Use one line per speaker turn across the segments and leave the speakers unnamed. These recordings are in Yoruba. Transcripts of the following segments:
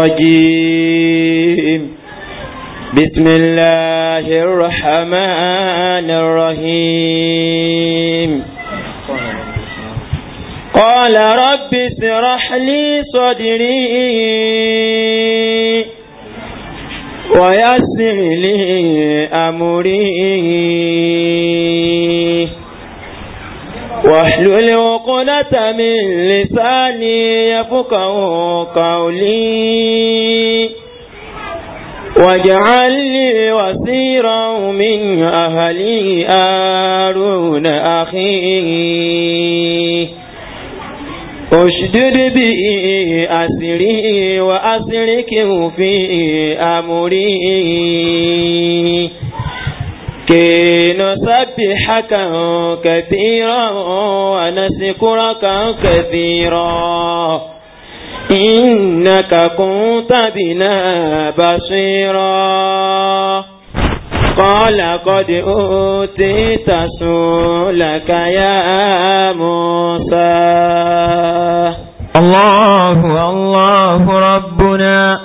الرجيم بسم الله الرحمن الرحيم قال رب اسرح لي صدري ويسر لي أمري واحلل عقدة مِنْ لساني يفقه قولي واجعل لي وسيرا من أهلي آرون أخي اشدد به أسري وأسركه في أمري كي نسبحك كثيرا ونذكرك كثيرا إنك كنت بنا بصيرا قال قد أوتيت سؤلك يا موسى الله الله ربنا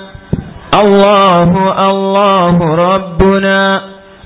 الله الله ربنا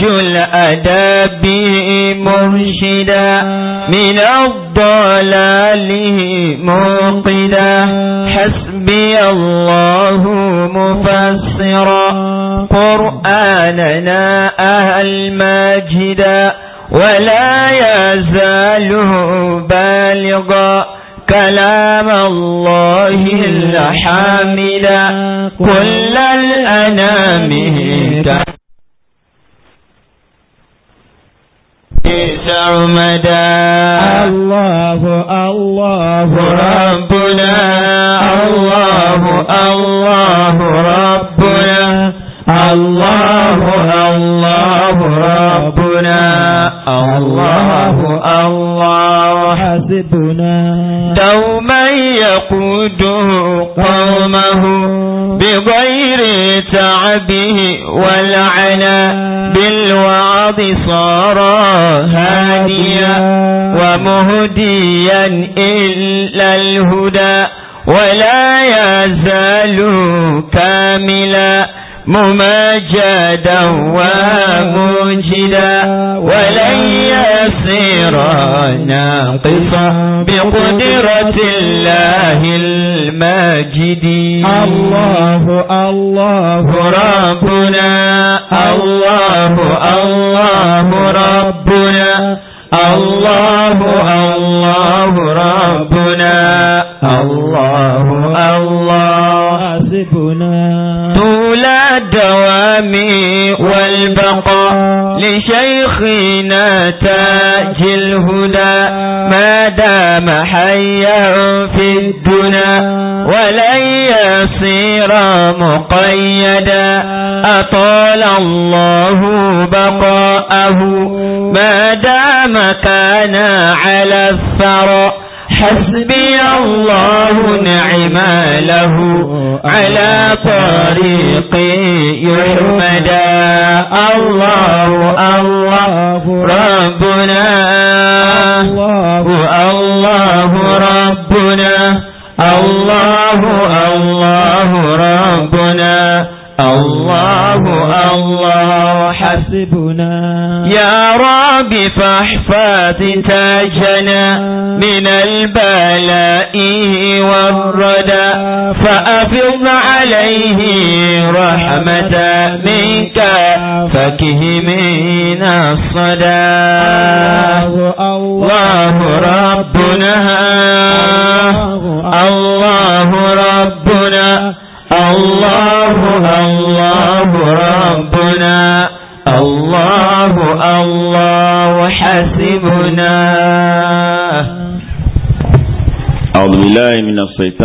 تاج الأداب مرشدا من الضلال موقدا حسبي الله مفسرا قرآننا أهل ماجدا ولا يزال بالغا كلام الله الحامدا كل الأنام سرمدا الله الله
ربنا
الله الله ربنا الله الله ربنا الله الله حسبنا دوما يقود قومه بغير تعبه والعنا بالوعظ صار هاديا ومهديا إلا الهدى ولا يزال كاملا ممجدا ومجدا ولن يصير ناقصا بقدرة الله الماجد الله الله ربنا الله الله ربنا الله الله ربنا الله الله حسبنا الدوام والبقاء لشيخنا تاج الهدى ما دام حيا في الدنا ولن يصير مقيدا أطال الله بقاءه ما دام كان على الثرى حسبي الله نعم له على طريقه يومئذ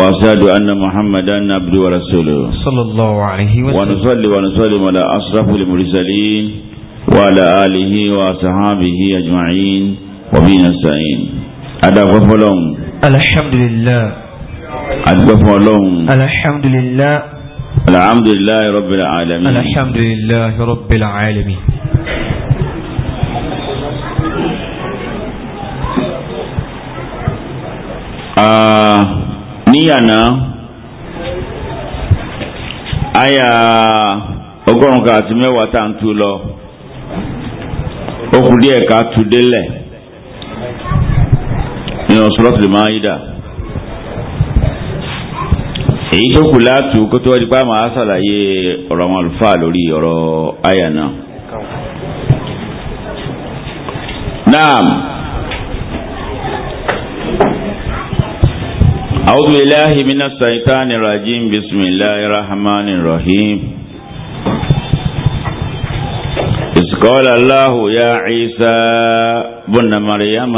وأشهد أن محمدا عبده ورسوله صلى الله عليه وسلم ونصلي ونسلم على أشرف المرسلين وعلى آله وصحابه أجمعين وبين السعين أدى غفلهم الحمد لله أدفعلهم الحمد لله الحمد لله رب العالمين الحمد لله رب العالمين آه ní àná àyà ọgọ́rùn-ún kan àti mẹ́wàá tá à ń tu lọ ó kù díẹ̀ ká tu délẹ̀ nínú Suratul Maida èyí tó kù láàtú kó tó wájú bá máa ṣàlàyé ọ̀rọ̀ àwọn àlùfáà lórí ọ̀rọ̀ àyà náà. أعوذ بالله من الشيطان الرجيم بسم الله الرحمن الرحيم إذ قال الله يا عيسى بن مريم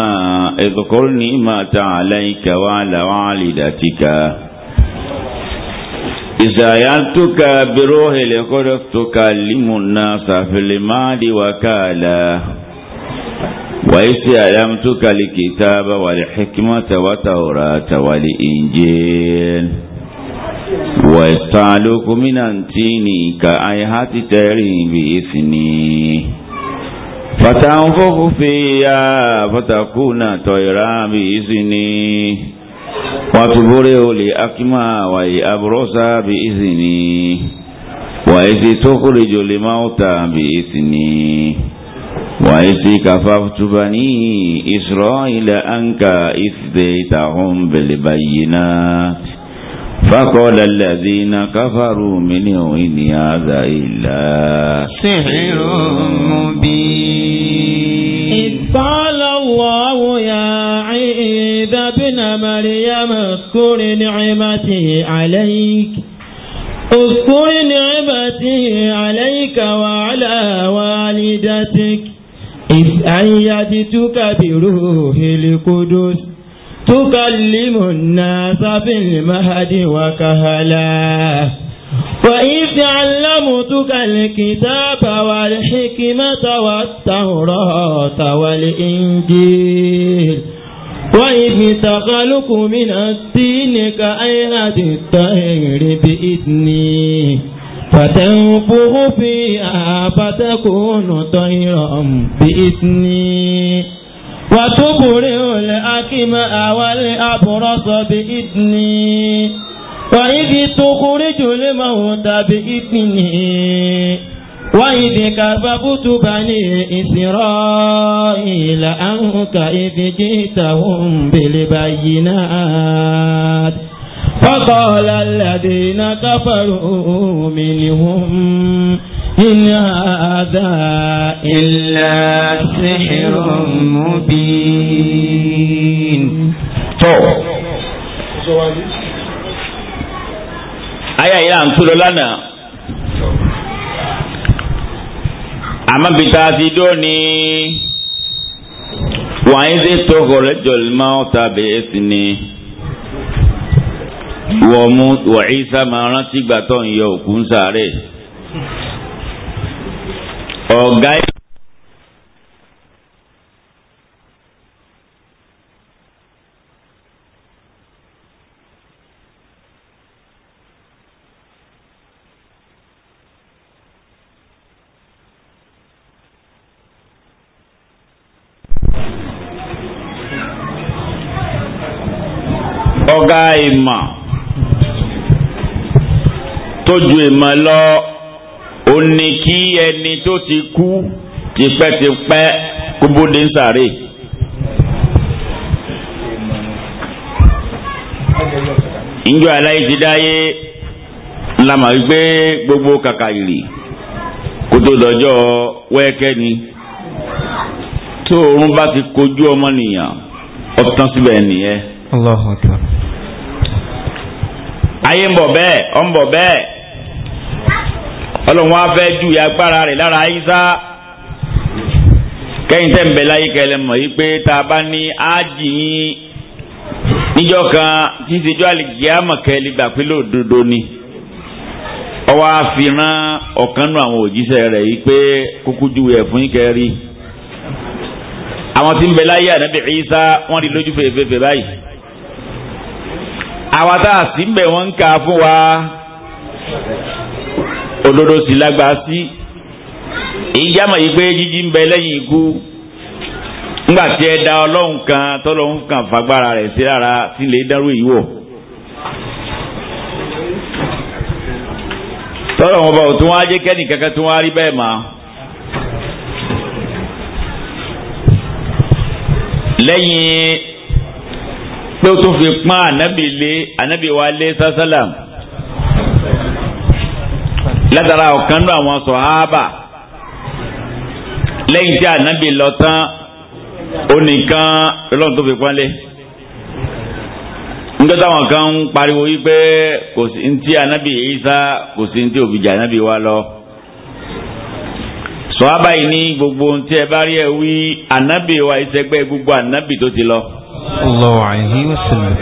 اذكر نعمة عليك وعلى والدتك إذا أيدتك بروح القدس تكلم الناس في المال وكاله وإذ علمتك الكتاب والحكمة والتوراة والإنجيل ويستعلوك من أنتيني كأيهات تري بإثني فتنفخ فيها فتكون طيرا بإذني وتبرئ لأكمى وأبرص بإذني وإذ تخرج الموتى بإذني وإذ كففت بني إسرائيل أنك إذ ديتهم بالبينات فقال الذين كفروا من إن هذا إلا
سحر مبين إذ قال الله يا عيد بن مريم اذكر نعمته عليك اذكر نعمتي عليك وعلى والدتك إذ أيدتك بروح القدس تكلم الناس في المهد وكهلا وإذ علمتك الكتاب والحكمة والتوراة والإنجيل وإذ تخلق من الدين كأيهة الطير بإذني فتنفخ فيها فتكون طيرا بإذني
وتبرئ
الأكمأ والأبرص بإذني وإذ تخرج الموت بإذني وإذ كففت بني إسرائيل عنك إذ جئتهم بالبينات فقال الذين كفروا منهم إن هذا إلا سحر مبين
آية إلى لنا amabita ti dóni wàá ṣe tó kọrẹ jọlímọ tàbí ẹsì ni wọ́n Ìsá máa rántí gbàtọ́ ń yọ òkú ń sáré ọ̀gá ìmọ̀ tójú ìmọ̀ lọ ó ní kí ẹni tó ti kú tipẹ́tipẹ́ kó bóde ń sàárè. njọ aláìsí dáyé lamà wípé gbogbo kàkà ìrì kótó dọjọ́ wẹ́ẹ́kẹ́ ni tó oorun bá ti kojú ọmọnìyàn ọtán síbẹ̀ nìyẹn. Akbar ayé ń bọ̀ bẹ́ẹ̀ ọ̀ ń bọ̀ bẹ́ẹ̀ ọlọ́run wá fẹ́ ju agbára rẹ̀ lára ayíṣá kẹ́yìn tẹ̀ ń bẹ láyé kẹlẹ́ mọ̀ yí pé tá a bá ní ájì yín níjọ́ kan tí ń ṣèjọ́ àlìkíyàmọ̀ gbà pé lódodo ni ọwọ́ àfihàn ọ̀kan nù àwọn òjíṣẹ́ rẹ̀ yí pé kúkú ju ẹ̀ ìkẹrí àwọn tí ń bẹ láyé ànábì Ìsá wọ́n rí lójú fèèfèèfè báyìí. awata tá a sì ń fún wa òdodo sì lágbàá sí ìjàmọ̀ yìí pé jíjí ń bẹ lẹ́yìn ikú nígbà tí ẹ da ọlọ́run kan tọ́lọ́run kan fagbára rẹ̀ sí rárá sí lè dárú èyí wọ̀
tọ́lọ́run
pé ó tún fi pọ́n ànábì lé ànábì wa lé sásálàm látara ọ̀kan nínú àwọn sọ̀hábà lẹ́yìn tí ànábì lọ tán onìkan lọ́nà tó fi pọ́n lé nígbà táwọn kan ń pariwo yí pé kò sí ní ti ànábì Ìsá kò sí ní ti òbí jà ànábì wa lọ sọ̀hábà yìí ní gbogbo ohun tí ẹ bá rí ẹ wí ànábì wa ìṣẹ́gbẹ́ gbogbo ànábì tó ti lọ.
Allahu alayhi wa sallam.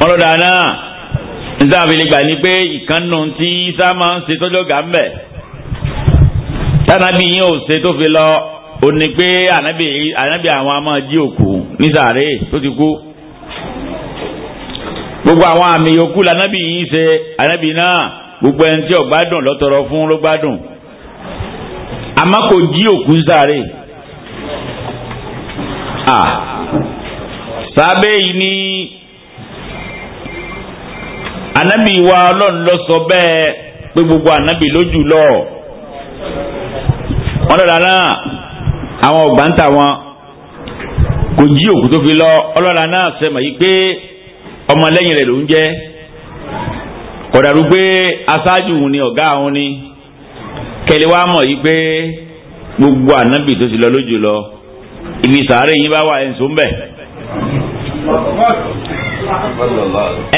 wọ́n dáná níta àfihàn gbà ní pé ìkànnù tí isa máa ń ṣe tọ́jọ́ gà ń bẹ̀ tánàbí yín ò ṣe fi lọ ò ní pé ànábì àwọn a máa jí òkú ní sàárè ti kú gbogbo àwọn àmì yòókù lànàbì yín ṣe ànábì náà gbogbo ẹni tí ó gbádùn fún ló gbádùn àmọ́ kò jí òkú sáré sábẹ́ yìí ní anabi wa ọlọ́run lọ sọ bẹ́ẹ̀ pé gbogbo anabi lójú lọ wọn lọ́la náà àwọn ọ̀gbà ń tà wọn kò jí òkú tó fi lọ ọlọ́la náà sẹ́mọ̀ yìí pé ọmọlẹ́yìn rẹ̀ ló jẹ́ kọ̀dàrú pé aṣáájú òun ni ọ̀gá òun ni kẹlẹ́ wa mọ̀ yìí pé gbogbo anabi tó ti lọ lójú lọ ibi sàárè yín bá wà ẹ̀ ń sọ ń bẹ̀.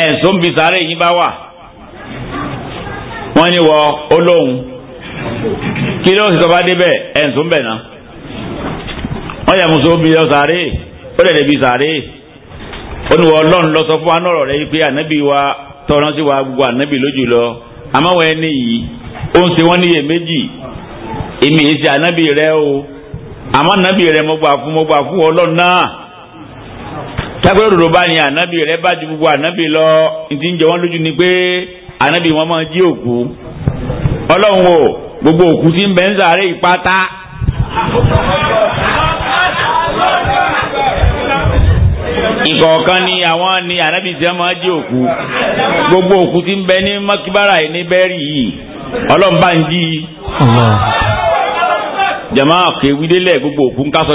ẹ̀sùn bí sáré yín bá wà wọ́n ní wọ olóhùn kí ló sì tọ́ba débẹ̀ ẹ̀sùn bẹ̀ náà wọ́n yẹ muso bí lọ sáré ó débi sáré wọ lọ sọ fún wa nọ̀rọ̀ rẹ̀ yìí pé ànábì wa tọ̀rọ̀ sí wa gbogbo ànábì lójú lọ àmọ́ ẹni yìí ó o àmọ́ ànábì rẹ mo gbà fún mo gbà fún ọlọ́run náà. tágbẹ́rẹ́ òdòdó bá ní ànábì rẹ bá ju gbogbo ànábì lọ ti ń jẹ lójú ni pé ànábì wọn máa jí òkú ọlọ́run gbogbo òkú ti ń bẹ ń sàárè ìpátá. ìkọ̀ọ̀kan ni àwọn ni ànábì máa jí òkú gbogbo òkú ti ń bẹ ní mọ́kíbára yìí ní bẹ́ẹ̀rì yìí i. jama kewidele gbogbo òkú ń kásọ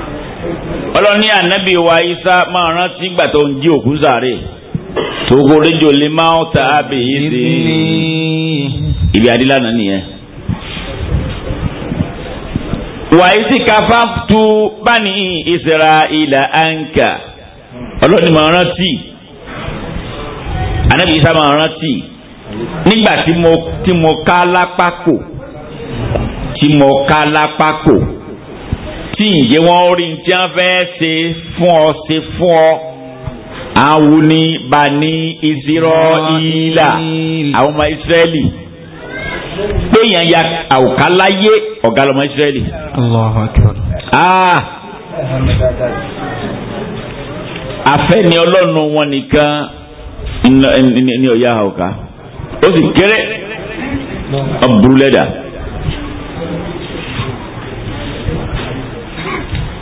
ọlọ́ni ànábì wa isa máa rántí ìgbà tó ń jí òkú sáré togo rejo le máa ta abè yìí sí ibi adílànà nìyẹn. wàyí sì tu fàtú bani israẹ̀lì anka ọlọ́ni máa rántí ànábì isa máa rántí nígbà tí mo ká lápá kò tí mo ká lápá kò tí ìyé wọn rí tí wọn fẹ́ ṣe fún ọ ṣe fún ọ àwọn ní bani Israẹla àwọn ọmọ Israẹli pé ya àwòká láyé ọ̀gá lọmọ Israẹli. àfẹ́ ah! ni ọlọ́run wọn nìkan ni ọ̀yá àwòká ó sì kéré ọ̀bùrú lẹ́dà.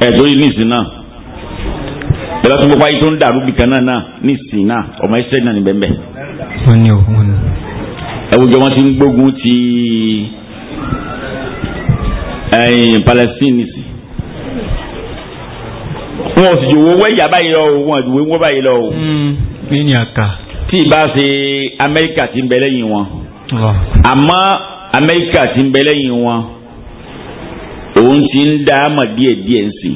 ẹ̀ torí nísìn náà ẹ bá tún gbogbo ayé tó ń dàrú bìkan náà náà nísìn náà ọmọ ẹsẹ̀ náà ní bẹ́ẹ̀ bẹ́ẹ̀.
wọ́n ni.
ẹ wo wọn ti ń gbógun ti Palestine nísìn wọn ò sì jò wọ́n wẹ́yà báyìí lọ o wọn ò jò wọ́n báyìí lọ o. Hmm, kí ni àká. tí ì bá ṣe Amẹ́ríkà ti ń bẹ lẹ́yìn wọn àmọ́ Amẹ́ríkà ti ń bẹ lẹ́yìn wọn òun ti ń dá àmà díẹ̀ díẹ̀ ń sìn.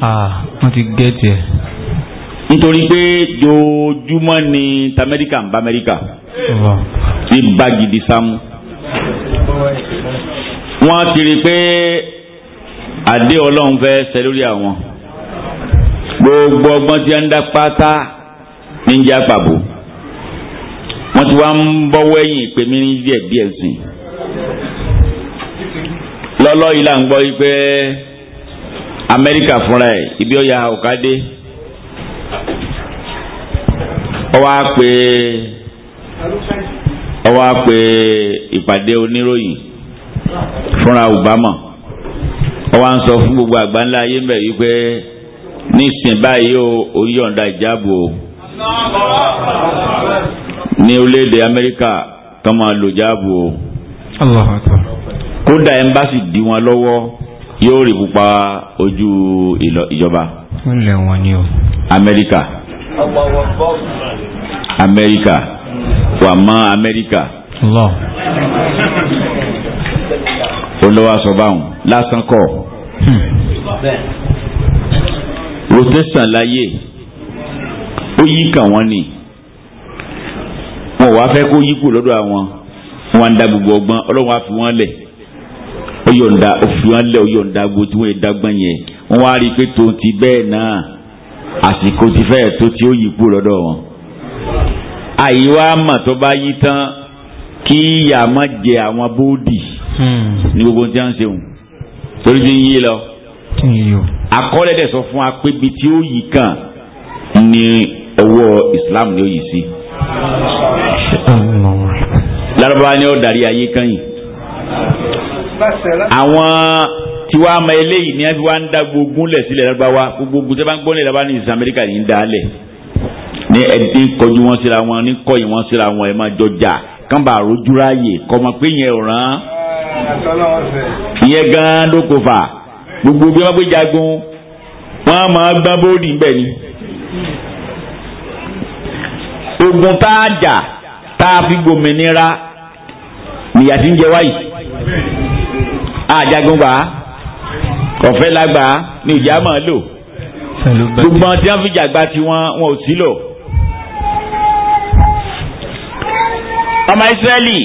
wọ́n ah, ti gé tiẹ̀.
nítorí pé dojúmọ́ ni tamẹ́ríkà ń bá amẹ́ríkà ti bá gidi sámú. wọ́n ti rí i pé àdé ọlọ́run fẹ́ ṣẹ lórí àwọn gbogbo ọgbọ́n tí a ń dá pátá ní ìjà pàbó wọ́n ti wá ń bọ́wọ́ ẹ̀yìn pèmí ní díẹ̀ díẹ̀ sìn. lọ́lọ́ yìí là ń gbọ́ yìí pé amẹ́ríkà fúnra ẹ̀ ibi ọ̀yà ọ̀kadé ọwọ́ á ọwọ́ á ìpàdé oníròyìn Obama ọwọ́ à ń sọ fún gbogbo àgbáńlá ayé ń yìí pé nísìnyí báyìí ó oyíyọ̀ǹda ìjáàbò ní orílẹ̀-èdè amẹ́ríkà kódà ẹmbásì dí wọn lọ́wọ́ yóò rí pupa ojú ìjọba.
wọ́n lẹ̀ wọ́n ni
o. amẹ́ríkà. amẹ́ríkà wà mọ́ amẹ́ríkà. olówó aṣọ báwọn lásán kọ́. protestant hmm. láyé ó yí kàn wọ́n ni wọn ò wá fẹ́ kó yí kù lọ́dọ̀ àwọn wọn ń da gbogbo ọgbọ́n ọlọ́run á fi wọ́n lẹ̀ ọ̀yọ̀ǹda òfin alẹ́ ọ̀yọ̀ǹda gbòtí wọ́n ìdágbọ́n yẹn wọ́n wá rí i pé tòun ti bẹ́ẹ̀ náà àsìkò ti fẹ́ẹ̀ tó tí ó yí kú lọ́dọ̀ wọn. àyíwá mà tó bá yí tán kí ìyá má jẹ àwọn bóódì ní gbogbo tí a ń ṣeun torí ti ń yí lọ. àkọọ́lẹ̀ dẹ̀ sọ fún wa pé ibi tí ó yí kàn ní ọwọ́ Islam ni ó yí sí. lárúbáwá ni ó darí ayé kan yìí àwọn tiwa ama eléyìí ni wọ́n ń da gbogbo lẹ̀ sílẹ̀ lọ́gbàwá gbogbo gbogbo bá ń gbọ́n lẹ̀ lọ́gbà ní Amẹ́ríkà yìí ń da lẹ̀ ní ẹni kọjú wọn síra wọn ní kọyìn wọn síra wọn ẹ máa jọ jà kán bá rojú ráàyè kọ́mọ pé yẹn ò rán gan-an ló gbogbo bí wọ́n gbé jagun wọ́n á máa gbá bóòdì ńbẹ̀ ni ogun tá a jà tá a fi gbòmìnira nìyà ń jẹ wáyìí àjàgùnbà ọ̀fẹ́ lágbà ni ìjà máa lò gbogbo àwọn tí wọ́n fi jàgbá tí wọ́n wọn ò sí lò. ọmọ Ísírẹ́lì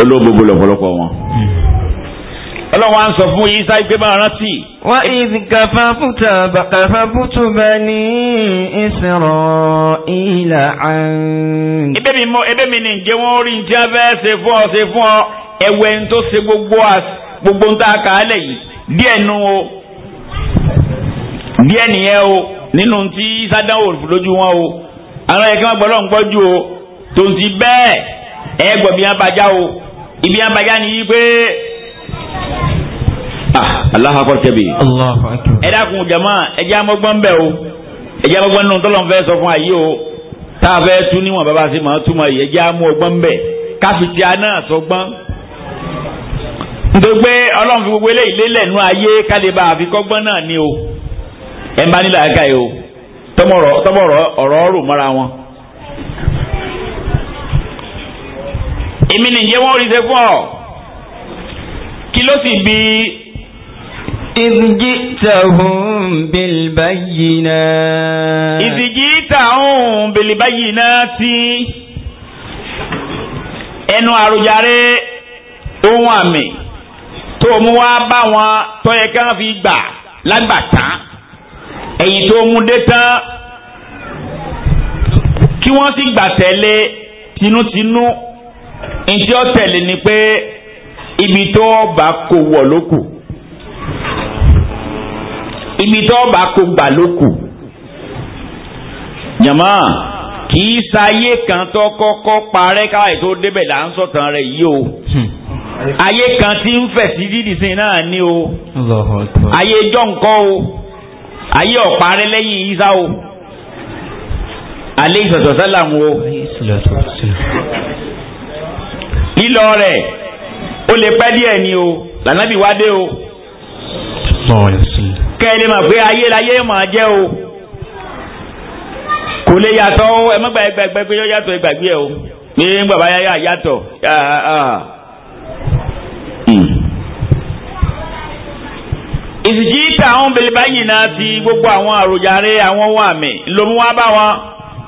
olóògbé lọ́pọ̀lọpọ̀ wọn. Ọlọ́run wa ń sọ fún Isa ìgbé máa rántí. Wa idh kafafuta
kafaftu bani Isra'ila
an. Ebe mi mọ ebe mi ní ǹjẹ́ wọ́n rí ǹjẹ́ abẹ́ ṣe fún ọ ṣe fún ọ ẹwẹ́ ń tó ṣe gbogbo gbogbo ń tá a kà á lẹ̀ yìí díẹ̀ nu o díẹ̀ nìyẹn o nínú tí sádánwò lójú wọn o àwọn ẹ̀ka máa gbọ́dọ̀ ń gbọ́jú o tó ń ti bẹ́ẹ̀ ẹ gbọ́ bí wọn bàjá o ibi wọn bàjá ni yí pé ah, Allahu akbar kẹbi ẹ dákun jama ẹ amọ́gbọ́n bẹ́ẹ̀ o ẹ amọ́gbọ́n nínú tọ́lọ́ fẹ́ sọ fún àyè o tá a fẹ́ tú níwọ̀n bàbá sí màá túmọ̀ yìí ẹ amọ́gbọ́n bẹ́ẹ̀ káfíńtì náà sọ gbọ́n nítorí pé ọlọ́run fi gbogbo eléyìí lélẹ̀ nú ayé kálíbà àfikọ́gbọ́n náà ni o ẹ̀ máa nílò àga yìí o tọ́mọ̀rọ̀ ọ̀rọ̀ rò mọ́ra wọn. èmi nìyẹn wọ́n rí ṣe fún ọ kí ló sì bí. Ìdíjítàhùn bilbayina. Ìdíjítàhùn bilbayina ti ẹnu àròjàre ohun àmì tó mú wá bá wọn tó yẹ kí wọ́n fi gbà lágbàtà ẹ̀yìn tó mú dé tán kí wọ́n sì gbà tẹ̀lé tinútinú ntí ó tẹ̀lé ni pé ibi tó bá kó wọ̀ ló ibi tó bá kó gbà ló kù kì í sáyé kan tó kọ́kọ́ parẹ́ káyọ̀ tó débẹ̀ là ń sọ̀tàn rẹ̀ yìí o. Hmm ayé kan tí ń fẹ̀ sí dídìsìn náà ní o ayé jọ̀ǹkọ́ o ayé ọ̀parẹ́ lẹ́yìn isa o alẹ́ ìsọ̀tọ̀sálà ń wo lílọ rẹ̀ ó lè pẹ́ díẹ̀ ni o lànàbí wá dé o kẹ́lẹ́ mọ̀ pé ayé láyé mà jẹ́ o kò lè yàtọ̀ ẹ mọ́gbà ẹgbẹ̀gbẹ̀ pé yóò yàtọ̀ ìgbàgbé ẹ o pé ń yàtọ̀. ìsìjìtà àwọn bèlèbá yìí náà ti gbogbo àwọn àròjàre àwọn ohun àmì ńlọmú wá bá wọn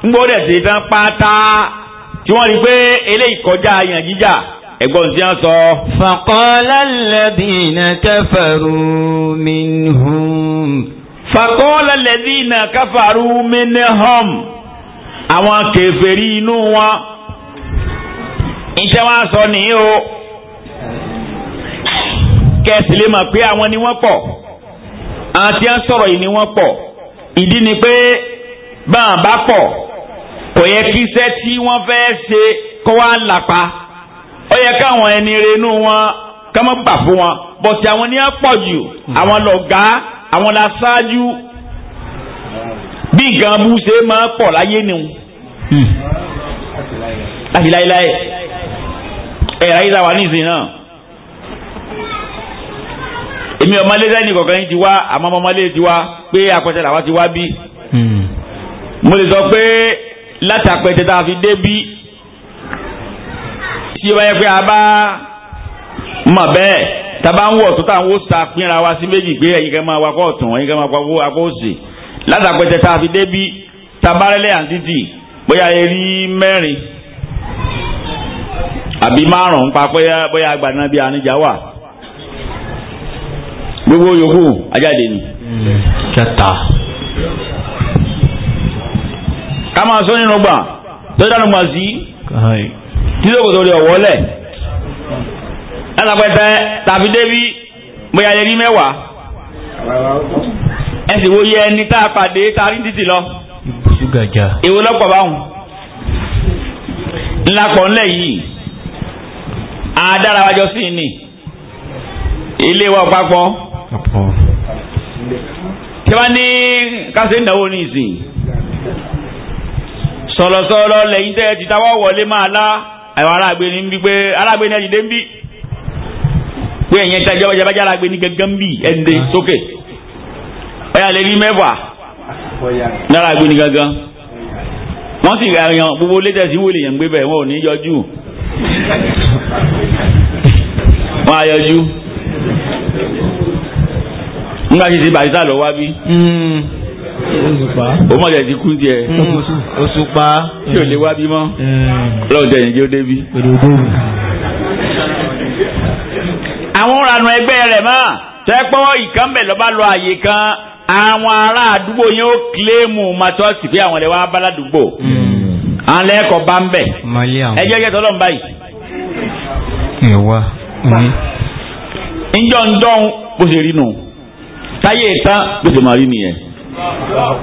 ńgbọ́dọ̀ sí tán pátá tí wọ́n rí pé eléyìí kọjá yàn jíjà ẹ̀gbọ́n tí wọ́n sọ.
fàkọ́lá lẹ́dínà káfàrú minhum.
fàkọ́lá lẹ́dínà káfàrú minhum. àwọn kèfèrí inú wọn. iṣẹ́ wa sọ nìyí o kẹ́sì mọ̀ pé àwọn ni wọ́n pọ̀ àti à ń sọ̀rọ̀ yìí ni wọ́n pọ̀ ìdí ni pé bá a bá pọ̀ kò yẹ kí iṣẹ́ tí wọ́n fẹ́ ṣe kó wá làpá ó yẹ káwọn ẹni renú wọn ká má gbà fún wọn bọ̀tì àwọn ní àpọ̀jù àwọn lọ̀gá àwọn làṣáájú bí nǹkan bú ṣe máa pọ̀ láyé nìhun láti hmm. láyé láyé ẹ̀ ráyé ta wà ní ìsìn náà èmi ọmọlé sẹ́yìn kọ̀ọ̀kan yìí ti wá àmọ́ ọmọlé ti wá pé apẹ̀tẹ̀ làwa ti wá bí. Hmm. mo lè sọ pé látàpẹ̀tẹ̀ tá a fi dé bí tí ó bá yẹ pé a bá mọ̀ bẹ́ẹ̀ tá a bá ń wọ̀ tó tá à ń wò sa pínra wa sí méjì pé ẹ̀yin kan máa wá kọ́ ọ̀tún ẹ̀yin kan máa wá akọ́ òsè látàpẹ̀tẹ̀ tá a fi dé bí tá a bá rẹ́lẹ̀ àǹtítì bóyá ẹ rí mẹ́rin àbí márùn-ún pa bóyá bóyá agbàdàn bíi àníjà wà gbogbo yòókù ajáde ni. kẹta. ká máa sọ nínú gbà tó dánu gbà sí títókòtò rẹ̀ wọlé lálàpẹtẹ tàbí débi bóyá lè rí mẹ́wàá ẹ sì wo yẹ ẹni tá a pàdé tá a rí títì lọ. èwo lọ́pọ̀ báwọn ńlá pọ̀ ńlẹ̀ yìí àádára wájọ sí ni ilé wa papọ̀ tí a bá ní kásẹ̀ ìnáwó ní ìsìn sọ̀rọ̀sọ̀rọ̀ lẹ́yìn tẹ́ ti táwọ́ wọlé máa lá àwọn alágbé ní bí pé alágbé ní ẹ̀jìdé ń bí pé ẹ̀yẹn tí a jọba jábájá alágbé ní gẹ́gẹ́ bí ẹ̀ǹdẹ̀ sókè ọ̀yà lè rí mẹ́fà lára agbé ní gángan wọ́n yẹn gbé bẹ̀ wọ́n ò ní yọjú wọ́n á nígbà tí hmm. ti barista lọ wá bí. o mọ̀ jẹ́ ti kún tiẹ̀. òṣùpá. tí o lè wá bí mọ́. lọ́wọ́ tẹ̀yìn kí o dé bí. àwọn ọ̀rànù ẹgbẹ́ rẹ̀ mọ́ tẹ́pọ́ ìkànnbẹ̀ lọ́ba lọ àyè kan àwọn ará àdúgbò yẹn ó kílẹ̀mù matọ́sì pé àwọn ẹ̀wọ̀n abáládùgbò. Hmm. àwọn ẹlẹ́kọ̀ọ́ bá ń bẹ̀. ẹjẹ́ jẹ́ tọ́lọ́ Njọ́ njọ́ bó ṣe rí nù táyé tán ló ti máa rí nìyẹn.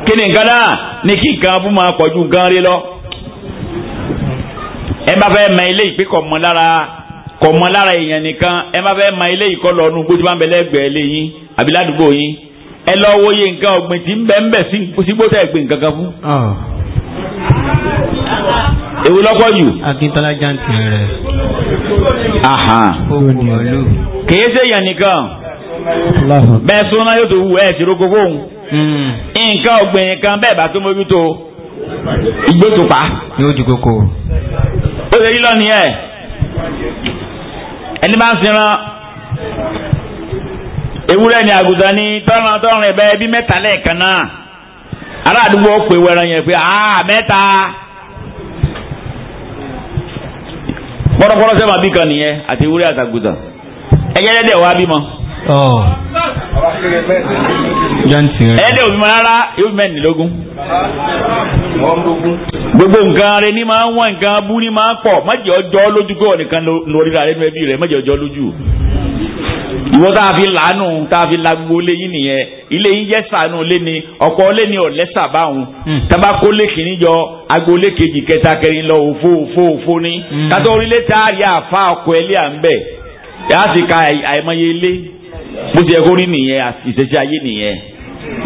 kí ni nǹkan náà ní kí nǹkan fún máa pọ̀ ju nǹkan rí lọ. ẹ bá fẹ́ mọ ilé ìpín kọ̀ mọ́ lára kọ̀ mọ́ lára èèyàn nìkan ẹ bá fẹ́ mọ ilé ìkọ́ lọ nu gbójú bá ń bẹ lẹ́gbẹ̀ẹ́ yín àbí ládùúgbò yín ẹ lọ wo iye nǹkan ọ̀gbìn tí ń bẹ ń bẹ sígbó tẹ̀ gbìn kankan fún. Ah. ewu lọ́pọ̀ jù. akíntọ́lá jantin rẹ̀. kèé sèyàn nìkan. bẹ́ẹ̀ súnmọ́ yóò tó wù ẹ́ ti rogo fóun hmm. nǹkan ọ̀gbìn kan bẹ́ẹ̀ bá tó mójútó igbó tó pa. yóò di koko. ó lè rí lọ́nìí ẹ̀ ẹni bá ń sinran ewúrẹ́ ni àgùntàn ni tọ́ran tọ́ran ẹ̀ bẹ́ẹ̀ bí mẹ́ta lẹ́ẹ̀kan náà ará àdúgbò pè wẹ̀rẹ̀ yẹn pé aa mẹ́ta pọ́nrọ́pọ́nrọ́ sẹ́wọ̀n àbí kan nìyẹn àti ewúrẹ́ ẹ̀yẹ́dẹ́dẹ́ bímọ. ẹ̀ẹ́dẹ̀ òbí máa rárá yóò fi mẹ́rìndínlógún. gbogbo nǹkan rẹ ní máa ń wọ́n nǹkan abú ní máa ń pọ̀ májẹ̀ ọjọ́ lójú pé ọ̀nìkan lórí rà lẹ́nu ẹbí rẹ̀ májẹ̀ ọjọ́ lójú. ìwọ tá a fi làánù tá a fi la gbogbo ilé yín nìyẹn ilé yín jẹ́ sànù hmm. tabako jọ kẹta kẹrin lọ òfo òfo òfo hmm. a rí àfa bó ti yẹ kó rí nìyẹn ìṣẹ̀ṣẹ̀ ayé nìyẹn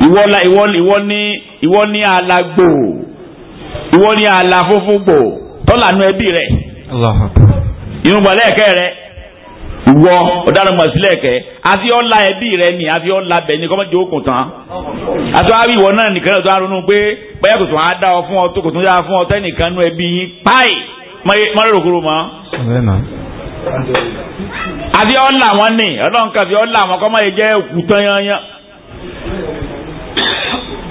ìwọ la ìwọ ní ìwọ ní ìwọ ní ẹbí rẹ. ìwọ ọ̀daràn ọ̀la ẹbí ni àfi ọ̀la bẹ̀ ni kọ́mọ́jì òkun tán àti wàá wíwọ náà nìkan náà tó wá ronú pé bóyá kò tún á dá ọ fún ọ tó kò tún dá fún ọ tẹ́nìkan nú ẹbí yín páì mọ́rẹ́rọ̀kúrò mọ́. àbí ọ̀là wọn ni ọlọ́run kan fi ọ̀là wọn kọ́ máa jẹ́ òkúta yanyan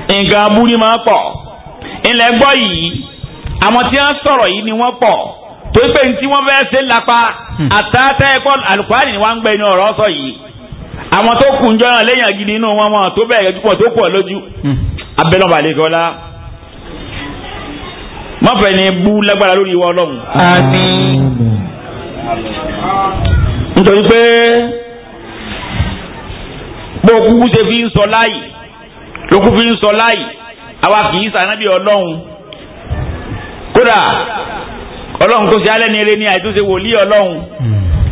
nǹkan abúlé máa pọ̀ ilẹ̀ gbọ́ yìí àwọn tí wọ́n sọ̀rọ̀ yìí ni wọ́n pọ̀ tó pé ní tí wọ́n fẹ́ ṣe lápá hmm. àtàtà ẹ̀kọ́ àlùkùránì ni wọ́n ń gbẹ̀yìn ọ̀rọ̀ sọ yìí àwọn tó kù ń jọ́nà lẹ́yìn gidi inú wọn wọn tó bẹ̀rẹ̀ yọjú pọ̀ tó pọ̀ lójú hmm. abẹ́nà balẹ̀ gọ́lá mọ́fẹ́ ni bú lágbára lórí ìwọ ọlọ́run nítorí pé bó kúkú ṣe fi ń sọ láì ló kú fi ń sọ láì àwa kì í sànábì ọlọ́run kódà ọlọ́run kò sí alẹ́ ní eré ní àìtúnṣe wòlíì ọlọ́run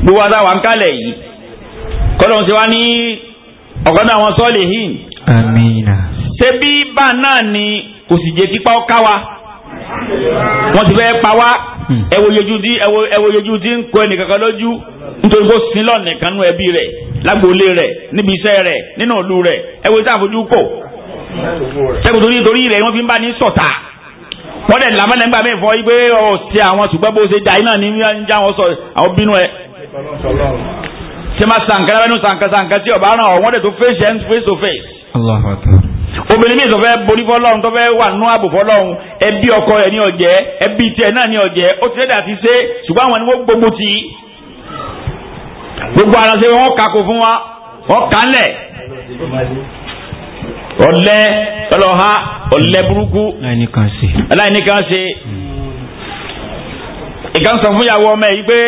gbogbo àtàwọn àǹkálẹ̀ yìí kọ́lọ́run ṣe wá ní ọ̀gọ́dọ̀ àwọn sọ́ọ̀lì hìn. amina. ṣé bí bá náà ni kò sì jẹ́ kípa ọ́ ká wa wọ́n ti fẹ́ pa wá. Hmm. ẹ wo yọjú tí ẹ wo ẹ wo yọjú tí ń kọ ẹnìkankan lójú nítorí kó sin lọ nìkan nú ẹbí rẹ lágbóolé rẹ níbi iṣẹ́ rẹ nínú ìlú rẹ ẹ wo tá àfojú kò sẹ́kùn torí torí rẹ wọ́n fi ń bá ní sọ̀tà wọ́n dẹ̀ làmọ́lẹ̀ nígbà mẹ́fọ́ yí pé ọ̀ ti àwọn ṣùgbọ́n bó ṣe jà iná ní ń já wọn sọ àwọn bínú ẹ. ṣé máa sànkẹ́ lábẹ́nu sànkẹ́ sànkẹ́ tí ọ̀bá ràn wọ́n dẹ̀ tó face to face obìnrin mi ìsọfẹ́ borí fọlọ́run tó fẹ́ wà nú ààbò fọlọ́run ẹbí ọkọ rẹ̀ ní ọ̀jẹ́ ẹbí tiẹ̀ náà ní ọ̀jẹ́ ó ti sẹ́dá ti ṣe ṣùgbọ́n àwọn ni wọ́n gbogbo ti gbogbo ara ṣe wọ́n kakò fún wa wọ́n kalẹ̀ ọ̀lẹ ọlọ́ha ọ̀lẹ burúkú aláìníkan ṣe ìkan sọ fún ìyàwó ọmọ yìí pé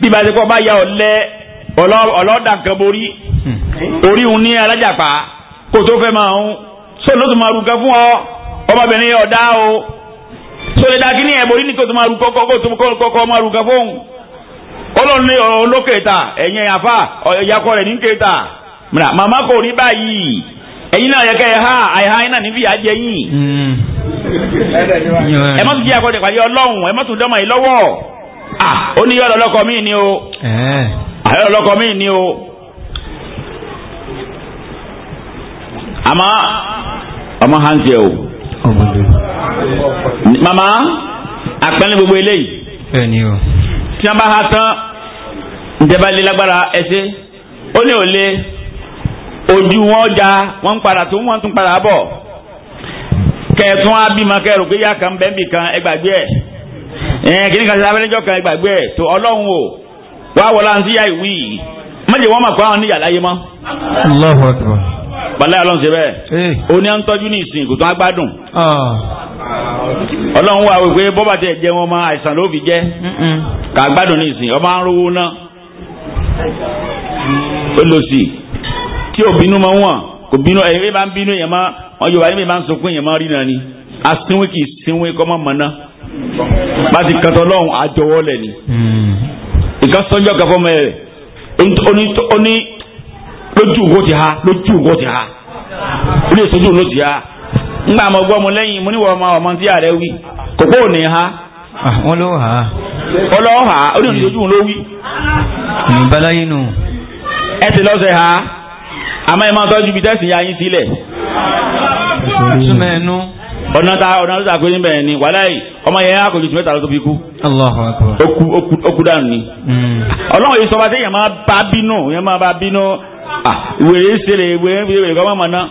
bí ba kọ́ bá ya ọ̀lẹ ọlọ́dà kan borí hmm. orí òun ní alájàpá kó tó fẹ́ máa ń so ló tún máa rú gan fún ọ ọmọbìnrin yẹn ọ̀dá o so lè dàgí ní ẹ̀bùn oníkó tó máa rú kọ́kọ́ kó tó kọ́kọ́ máa rú gan fún ọlọ́run ní olókèta ẹ̀yìn àfa ìyàkọ rẹ̀ ní kèta màmá kò rí báyìí ẹ̀yin náà yẹ kẹ́ ẹ̀ ha àìha iná níbi àjẹ yìí ẹ má tún jẹ́ àkọ́jọ pàdé ọlọ́run ẹ má tún dọ́mọ yìí lọ́wọ́ ó ní yọ̀ọ́ lọ́kọ míì ni o àyọ̀ lọ́kọ míì ni o. ama ọmọ hansi o mama àpẹẹrẹ gbogbo eleyi tí bá ha tán njẹba lé lágbára ẹsẹ ó ní òlé ojú wọn ja wọn padà tó wọn tún padà bọ̀ kẹtùn abimọ kẹrù pé kan bẹ́ẹ̀ bì kan ẹgbàgbé ẹ ẹ̀ẹ́n kí ni kan ṣe abẹ́lẹ́jọ́ kan ìgbàgbé tó ọlọ́run o wá wọlá ń wàlẹ́ ọlọ́run ṣe bẹ́ẹ̀ eh. ó ní à ń tọ́jú ní ìsìn kò tó á gbádùn ah. ọlọ́run wà wípé bọ́bà tẹ̀ jẹ́ wọn máa àìsàn ló fi jẹ́ kà á gbádùn ní ìsìn ọmọ arúgbó náà ó lọ sí tí ò bínú máa wọ̀n kò bínú ẹ̀ ẹ̀ bá ń bínú yẹn máa wọ́n yorùbá yẹn bá ń sunkún yẹn máa rí náà ni asínwé kì í sínwé kọ́ máa mọ̀ náà bá ti kàtọ́ lọ́hùn àjọwọ́ lẹ̀ ni nǹkan mm. sọ́jọ́ kan lójú nǹkan ha lójú nǹkan ha ilé ìṣojú ló ti ha ńgbà mo gbọ́ mo ọmọ ọmọ tí ààrẹ wí kòkó ò ní ha. Ah, wọn ló hà á. wọn ló hà á ó ní wí. balaye ha ẹ máa ya ọ̀nà ta ọ̀nà ni wàhálà yìí ọmọ yẹn tún mẹ́ta ló kú. dànù ni. Mm. ọlọ́run yìí sọ wèrè sèrè wèrè wèrè kọ́ mọ̀mọ́ náà.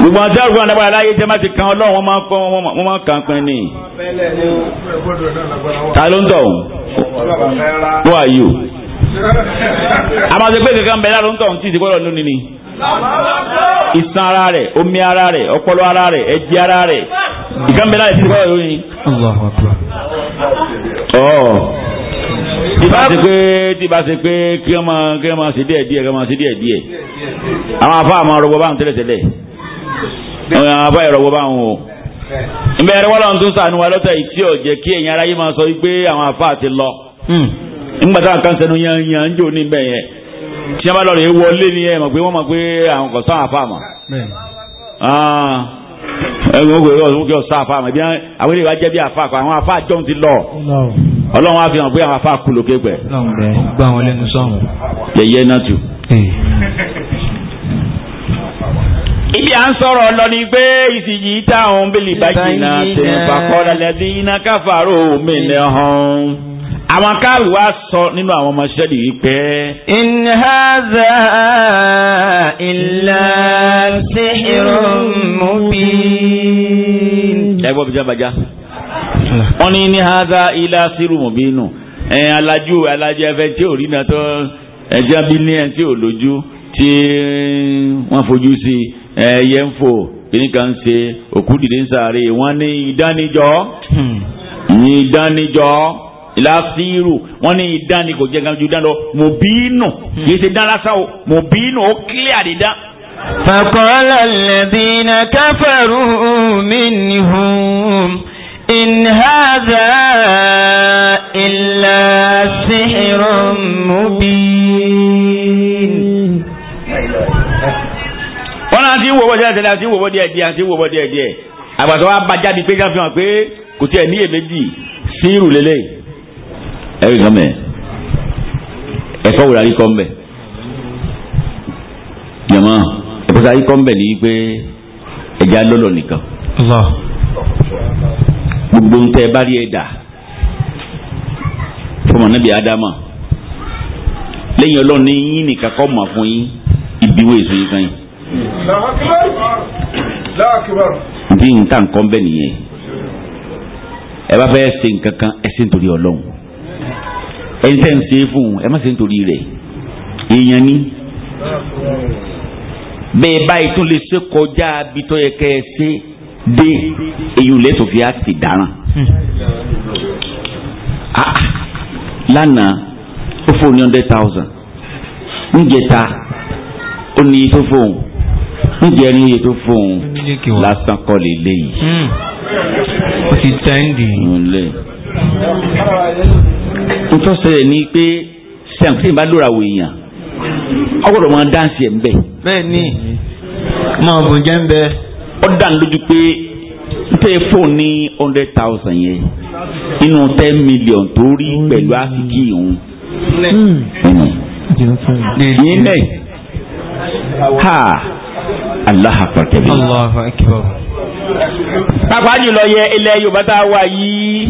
gbogbo àti àrùkọ àdàbọ̀ aláyé jẹ́ má ti kan ọlọ́run wọ́n máa kọ́ wọ́n máa kàn pín ní.
ta ló ń tọ̀ wọ́n wà yìí o. àmọ́sẹ̀ kankan
bẹ̀rẹ̀ ló ń tọ̀ tí ì ti gbọ́dọ̀ lónìí ni. ìsan ara rẹ̀ omi ara rẹ̀ ọpọlọ ara rẹ̀ ẹ̀jẹ̀ ara rẹ̀ ìkan bẹ̀rẹ̀ tí ì ti gbọ́dọ̀ lónìí tí bá ṣe pé tí bá ṣe pé kí wọ́n máa kí wọ́n máa ṣe díẹ̀ díẹ̀ kí wọ́n máa ṣe díẹ̀ díẹ̀ àwọn afá àmọ́ rọgbọ báwọn tẹ́lẹ̀ tẹ́lẹ̀ àwọn afá ìrọgbọ báwọn o ìbẹ̀rẹ̀ wọ́n lọ́n tún sànù wa lọ́tọ̀ yìí tí ò jẹ́ kí ẹ̀yin aráyé máa sọ pé àwọn afá ti lọ hmm. nígbà táwọn yan yan ń jò níbẹ̀ yẹn tí bá lọ rè wọlé ni ẹ̀ mọ̀ pé wọ́n mọ̀ pé àwọn kò sọ àfá àmọ́ ẹ̀rùn ògbè yọ̀ ògbè ọ̀sán àfa àmọ́ àwọn èèyàn jẹ́ bí àfa àkọ́ àwọn àfa àjọ ti lọ ọlọ́run á fi hàn pé àwọn àfa kú lókè gbẹ. gbà wọn lẹ́nu sọ̀rọ̀. yẹyẹ náà tù. Eh. ibi ń sọ̀rọ̀ lọ ni pé ìsìyí táwọn bẹ́lí bá jìnnà tẹ̀ fàkọ́lá lẹ́dí iná káfàárò mi lẹ́hàn àwọn káàrù wa sọ nínú àwọn ọmọ ṣẹ́ẹ̀dì wípé. in haza illa sihrun mubin. ẹ gbọ́ bíjá bàjá wọ́n ní in haza illa sihrun mubinu ẹ̀yìn alájú alájẹ ẹfẹ tí ò rí náà tó ẹjẹ́ bí ní ẹ̀ tí ò lójú tí wọ́n fojú sí ẹ̀yẹ ń fò kíní kan ṣe òkú dìde ń sáré wọ́n ní ìdánijọ́ ní hmm. ìdánijọ́ làásìrù wọn ní idán ni kò jẹ nǹkan ju dán lọ mùbínù hmm. kì í ṣe dán lásán o mùbínù ó kílíà ní dán. فقال الذين كفروا منهم إن هذا
إلا سحر مبين
wọ́n náà ti ń wọ́wọ́ díẹ̀ tẹ́lẹ̀ àti ń wọ́wọ́ díẹ̀ díẹ̀ àti ń wọ́wọ́ díẹ̀ díẹ̀ àgbàdo wa bá jáde pé ká pé kò tiẹ̀ ní èméjì sírù lélẹ́yìí ẹ̀rí kan mẹ́ ẹ̀kọ́ wòlá rí kọ́ ń bẹ̀ jẹ̀mọ́ ẹ̀kọ́ sáré kọ́ ń bẹ̀ ní pé ẹ̀já lọ́lọ́ nìkan gbogbo ń tẹ́ bá rí da. fọmọ nábì ádámà lẹ́yìn ọlọ́run ní yín nìkan kọ́ mọ̀ fún yín ìbíwò èso yín kan yín. n ti n ta nǹkan bẹ́ẹ̀ nìyẹn ẹ bá fẹ́ ṣe nǹkan kan ẹ ẹni tẹ́ ń ṣe é fún un ẹ má ṣe nítorí rẹ̀ èèyàn ni bẹ́ẹ̀ báyìí tún lè ṣe kọjá abitọ́ yẹ kẹ́ ẹ ṣe dé èyí ò lẹ́tọ̀ọ́ fi á sì dáràn. Ah, ah, lánàá ó fóun ní hundred thousand níjẹta ó ní iye tó fóun níjẹrin iye tó fóun lásán kọ́ lè léyìí. Hmm. ó ti tẹ́ ń dì í
ntọ́sẹ̀lẹ̀ ni
pé sẹ́ǹkì bá lóra wò èèyàn ọgbọ́dọ̀ máa dáǹsì ẹ̀ ń bẹ̀.
bẹ́ẹ̀ni máa bùn
jẹ́ ń bẹ. ó dá ní lójú pé n tẹ fóònù ní hundred thousand yẹn inú ten million tó rí pẹ̀lú àfikì ìhun. Hmm. yín nẹ̀ ha Allah pàtẹ́bí. pàápàá jùlọ yẹ ilẹ̀ Yorùbá tá a wà yìí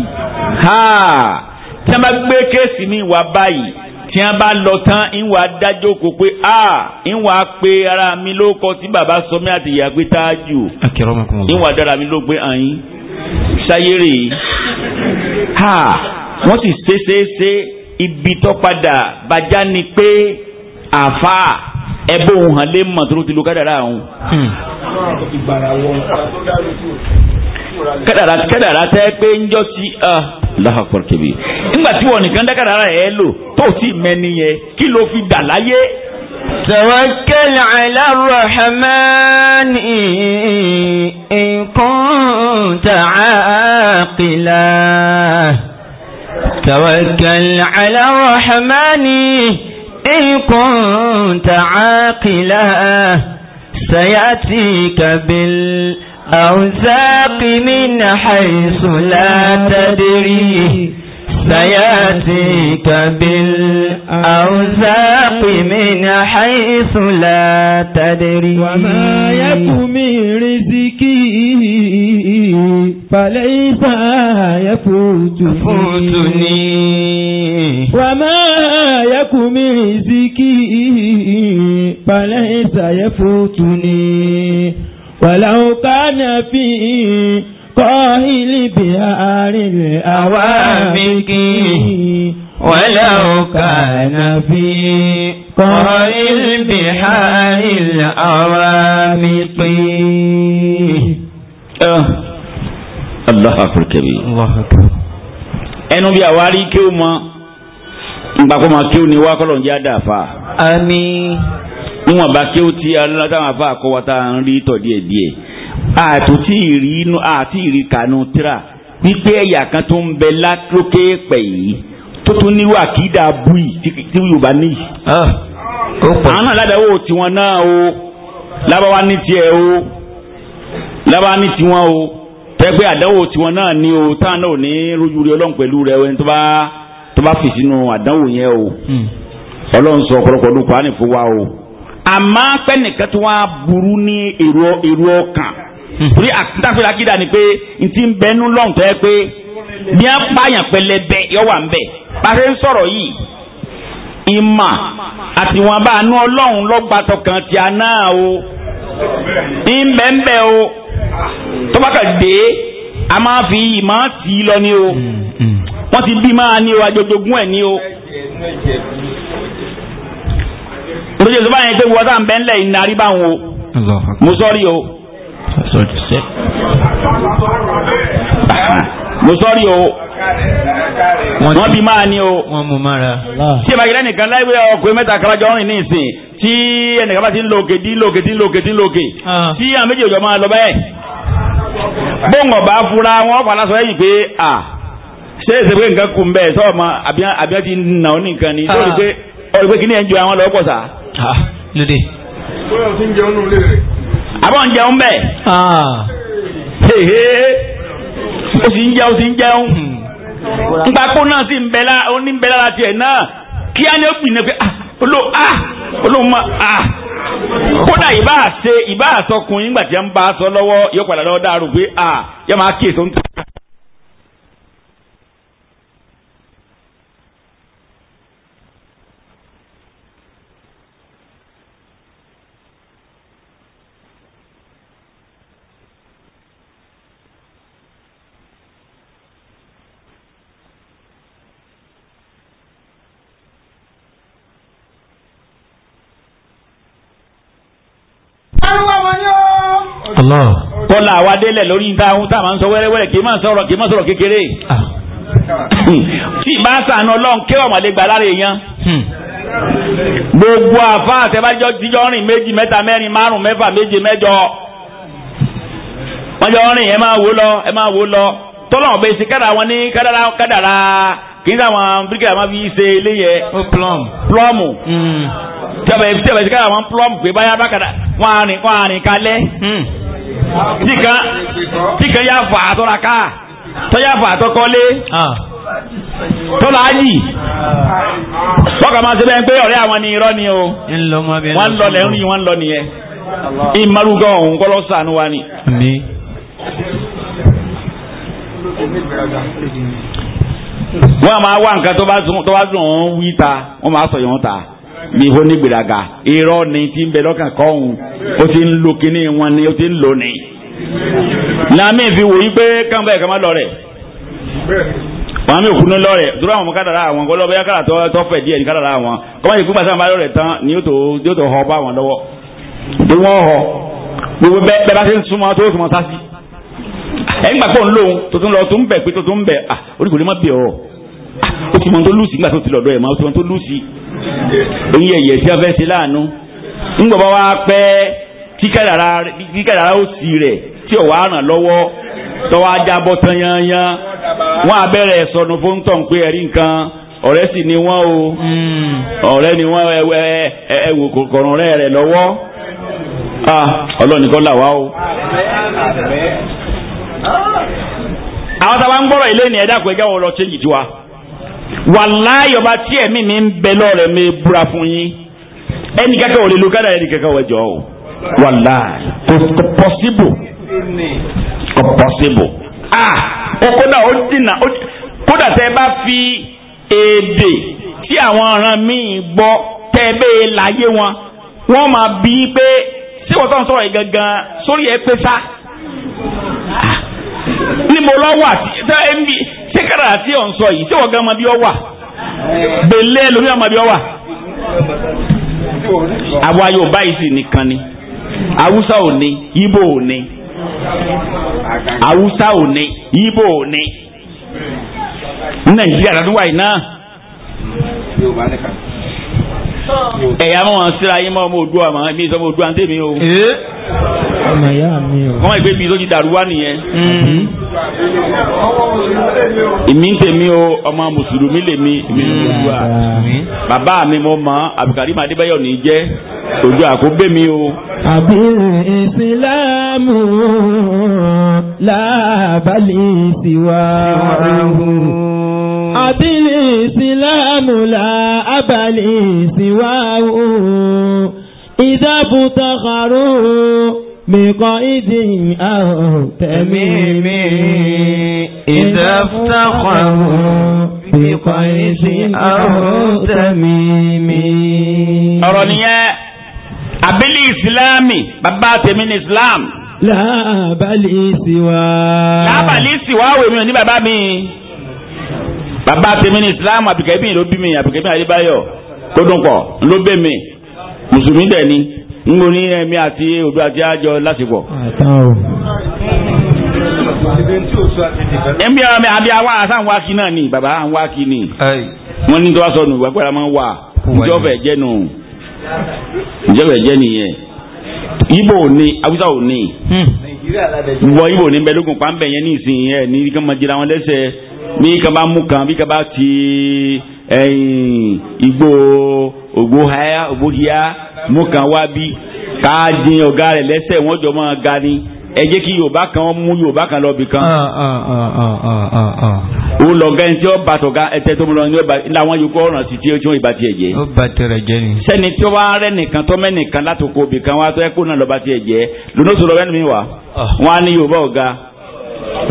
ha tí wọ́n bá gbé kéèsì mi wá báyìí tí wọ́n bá lọ tán ń wà dájọ́ kó pé a ń wà pé ara mi ló kọ tí bàbá sọ mí àti ìyá pé táájù ń wà dára mi ló pé àyín ṣayéré ha wọ́n sì ṣe ṣe ṣe ibi tó padà bàjá ni pé àfa ẹbí òun hàn lè mọ̀ tó ti lo kádàrá òun. Hmm. kádàrá kádàrá tẹ́ pé ń jọ́ sí. Uh, ah, láhàkọ́rọ̀ kébì. nígbà tí wọn nìkan dákàdára ẹ lò tó sì mẹ́ni yẹn kí ló fi dà láyé. tawakkal ala rahman
in kunta aqila. tawakkal ala sayati kabil. أوساق من حيث لا تدري
سيأتيك
بالأوزاق من حيث لا تدري وما يك من رزقي فليس يفوتني وما يك من رزقي فليس يفوتني ولو كان في قاهل بهار الأوامك ولو كان في
قاهل
بهار الأوامك
الله أكبر كبير الله أكبر ẹnu bí àwárí kí ó mọ nípa kó máa kí ó ní wá kọlọ̀ ń jẹ́ àdáfà. àmín níwọ̀n bá kí ó ti alátáwọn afá àkọwọ́ta ń rí tọ̀ díẹ̀ díẹ̀ àtúntì ìrí inú àti ìrí kànú tíra wípé ẹ̀yà kan tó ń bẹ látòkè pẹ̀ yìí tó tún ní wàkídà bùi tí yorùbá ní. Ah, àwọn náà ládàáwò tiwọn náà o lábáwá ní tiẹ̀ o lábáwá ní tiwọn o tẹ́gbẹ́ àdánwò tiwọn náà ni o táwọn náà ò ní rújú rí ọlọ́run pẹ̀lú rẹ ẹni tó bá tó bá fi sínú àdánwò yẹn o hmm. ọlọ́run sọ ọ̀pọ̀lọpọ̀ ọdún kwani fún wa o àmọ́ pẹ́nìkan tí wọ́n á burú ní èrò ọkàn hmm. torí àtúntàfẹ́ akídà ni pé n ti ń bẹnu lọ́hùn tó yẹ pé ní apáyàn pẹlẹbẹ yọ wà ń bẹ pàṣẹ ń sọ̀rọ̀ yìí ìmọ̀ àti bá àánú ọlọ́run lọ́gbàtọ̀ kan ti àná o ìmbẹ̀ǹbẹ̀ o tọ́bàkà dé a máa fi ìmọ̀ sí i lọ ni o hmm, hmm. wọ́n ti bí máa ní o àjọjogún ẹ̀ ni o torí jésù báyẹn pé wọ́n sàn bẹ́ńlẹ̀ yìí narí bá wọn o mo sọ́rí o. mo sọ́rí o wọ́n bí máa ní o. wọ́n mú mára. tí ìbàgídá nìkan láìpẹ́ ọkùnrin mẹ́ta kálájọ rìn ní ìsìn tí ẹnìkan bá ti ń lo òkè dín lòkè dín lòkè dín lòkè ah. tí àwọn méjì òjò máa lọ bẹ́ẹ̀. bóńgọ̀ bá fura wọn fà lásán ẹ̀yìn pé à ṣé èsè pé nǹkan kù ń bẹ̀ sọ́ọ̀mọ àbí àbí ti nà ó nìkan ni. sọ́ọ̀rì ah. pé kí ni ẹ̀ ń ju àwọn lọ́pọ̀ sáà ha
lóde. bóyá o ti ń jẹun nù lé rẹ̀.
àbọ̀ ń jẹun bẹ́ẹ̀. o ah. sì ń jẹun o sì ń jẹun. nípa hmm. kó náà sì ń bẹ lára ó ní ń bẹ lára tiẹ̀ náà kí á ní ó gbìn pé ah olóò ah olóò mọ ah kódà ìbá ṣe ìbá àsọkùnrin nígbà tí a ń bá a sọ lọ́wọ́ yóò padà lọ́wọ́ dáa rò pé ah yóò máa kíyèsí ó ń tà. kọ́lá àwa délẹ̀ lórí ìtahun tá a máa ń sọ wẹ́rẹ́wẹ́rẹ́ kì í máa sọ̀rọ̀ kì í máa sọ̀rọ̀ kékeré. Ah. tí ìbá sànù ọlọ́run kí ọmọ lára èèyàn. Hmm. gbogbo àfa àtẹ̀bájọ́ tíjọ́ rìn méjì mẹ́ta mẹ́rin márùn mẹ́fà méje mẹ́jọ. wọ́n jọ rìn ẹ máa wò lọ ẹ máa wò lọ tọ́lọ̀ bẹ́ẹ̀ sí kádàrá wọn ní kádàrá kì í sáwọn bíríkìlà máa fi ṣe eléyẹ. plọ́mù tẹ́lẹ̀ sí kádàrá wọn plọ́mù pé báyà bá kádàrá wọn àrìn kalẹ̀. Hmm tíkan yà fà tọ́ra ya tọ́yà fà tọ́kọ́lé ah.
tọ́lá ájì wọ́n kà máa ṣe
bẹ́ẹ̀ pé ọ̀rẹ́ àwọn ni irọ́ ni o wọ́n ń lọ lẹ́rú yìí wọ́n ń lọ nìyẹn ìmárùgán òun wa ni. wọ́n máa wá nǹkan tó bá dùn ún wí ta wọ́n máa sọ yìí ta ní onígbèraga irọ́ ni ti ń bẹ lọ́kàn kọ́hún ó ti ń lo kinní wọn ni ó ti ń lò ní. làmì fi wòye pé káńbà ẹ̀ka má lọ rẹ̀ wọn mi òkú ní lọ́rẹ̀ dúró àwọn ọmọ kádàrá àwọn kọ́ lọ́bẹ̀ yàkàrà tó fẹ̀ díẹ̀ ní kádàrá àwọn kọ́mọ̀ yìí gbígbà sábà lọ́rẹ̀ tán ni yóò tó họ bá wọn lọ́wọ́ bí wọ́n họ gbogbo bẹ́ẹ̀ bá ṣe ń súnmọ́ tó súnmọ́ sásì ẹ̀ ń ń lóhun tó lọ tó ń bẹ̀ pé tó tún ń bẹ̀ ah oníkùnrin má bẹ̀ ọ́ ó ti mọ tó lùsì nígbà tó ti lọ́dọ̀ ẹ̀ mọ́ ó ti mọ tó lùsì òun yẹ ìyẹ̀sí ọ̀fẹ́ ṣe láàánú ńgbọ̀ bá wá pẹ́ kíkàdàrà òsì rẹ̀ tí ò wá ràn lọ́wọ́ tọ́wọ́ ajábọ̀ tán yanyan wọ́n abẹ́rẹ́ sọnù fún tọ̀ ń pé ẹ̀rí nǹkan ọ̀rẹ́ sì ni wọ́n o hmm. ọ̀rẹ́ ni wọ́n ẹ wò kọ̀ọ̀rọ̀ rẹ̀ rẹ̀ lọ́wọ́ ọlọ́ọ̀nì kan là wá o. àwọn táwa ń gbọ́rọ̀ ilé ni ẹ̀dá pé gáwọ́ lọ ṣéǹjì tiwa wàláyé ọba tí ẹ̀mí mi ń bẹ lọ́rẹ̀ mi búra fún yín ẹnì kankan ò lè lo gádà ẹnì kankan wẹ̀jọ o wàláyé kò pọ́síbù kò pọ́síbù ah kódà ó dìnnà kódà tẹ́ bá fi èdè tí àwọn ọ̀ràn míì gbọ́ tẹ́ bẹ́ẹ̀ e láyé wọn wọ́n máa bí pé tí wọ́n sọ̀rọ̀ sọ̀rọ̀ gangan sórí ẹ pé sá níbo lọ́wọ́ àti síkàrà àti ọ̀nsọ yìí tí wọ́n ma bí ọ wà bẹ̀lẹ́ lórí ọmọ bí ọ wà. àwa yìí nìkan ni Awusa ò ní Ìgbò ò ní Haúsá ò ní Ìgbò ò ní Nàìjíríà náà ẹ̀yà mọ̀ wọn síra yín ọmọ òdua mọ́ ẹ̀mí odu o. Eh? èmi ń tèmi o ọmọ mùsùlùmí lèmi èmi ń lójú à bàbá mi mo mọ abdulkarim adébáyọ̀ ní jẹ́ ojú àkóbẹ́ mi o.
àbí
ìsìlámù làbálì ìsìwà àbílì ìsìlámù làbálì ìsìwà ìdábùtà kàró. بقيد أو تميم إذا افتخروا
بقيد أو تميم أرونيا أبلي إسلامي بابا من إسلام
لا بلي سوى لا بلي
سوى ومن بابا مي bàbá tèmi ní islam àbíkẹ́bí ló bí mi àbíkẹ́bí adébáyọ̀ tó dùn kọ́ ló bẹ́ mi mùsùlùmí dẹ̀ ni n kò ní ẹ̀mí àti odò àti àjọ lásìkò. ẹ̀mí àmì àbí àwa àtàwọn wákì náà ni baba àwọn wákì ni wọ́n ní tó wá sọnù ìwà pẹ́ẹ́rẹ́ máa ń wà ìjọba ẹ̀jẹ̀ nù ìjọba ẹ̀jẹ̀ nìyẹn ibo ni, ní awúsá ò ní hmm. wọ ibo ní bẹ́ẹ̀lógún pàmbẹ̀ yẹn ní ìsìn yẹn ní kí wọ́n máa jẹra wọn lẹ́sẹ̀ ní kí wọ́n kan bí kí ti ẹ̀yìn igbó ògbóhaya ògbóhia mú kan wá bí ká dín ọ̀gá rẹ̀ lẹ́sẹ̀ wọ́n jọ máa ga ni ẹ jẹ́ kí yorùbá kan mú yorùbá kan lọ bì kan.
Ah, ah, ah,
ó lọ gẹ́ ẹni tí ó bàtọ̀ ga ẹtẹ tó mú lọ ní ọba làwọn yòókù ọ̀ràn sí tí ó tún ìbá tiẹ̀ jẹ́. ó bà tẹ̀rẹ̀ jẹ́ ni. sẹ́ni tí ó wá rẹ̀ nìkan tọ́mẹ́ nìkan látòkò bì kan wá tó ẹ́ kó náà lọ́ba tiẹ̀ jẹ́ lónà sọ̀rọ̀ bẹ́ẹ̀ ni wà. wọ́n á ní yorùbá ọ̀gá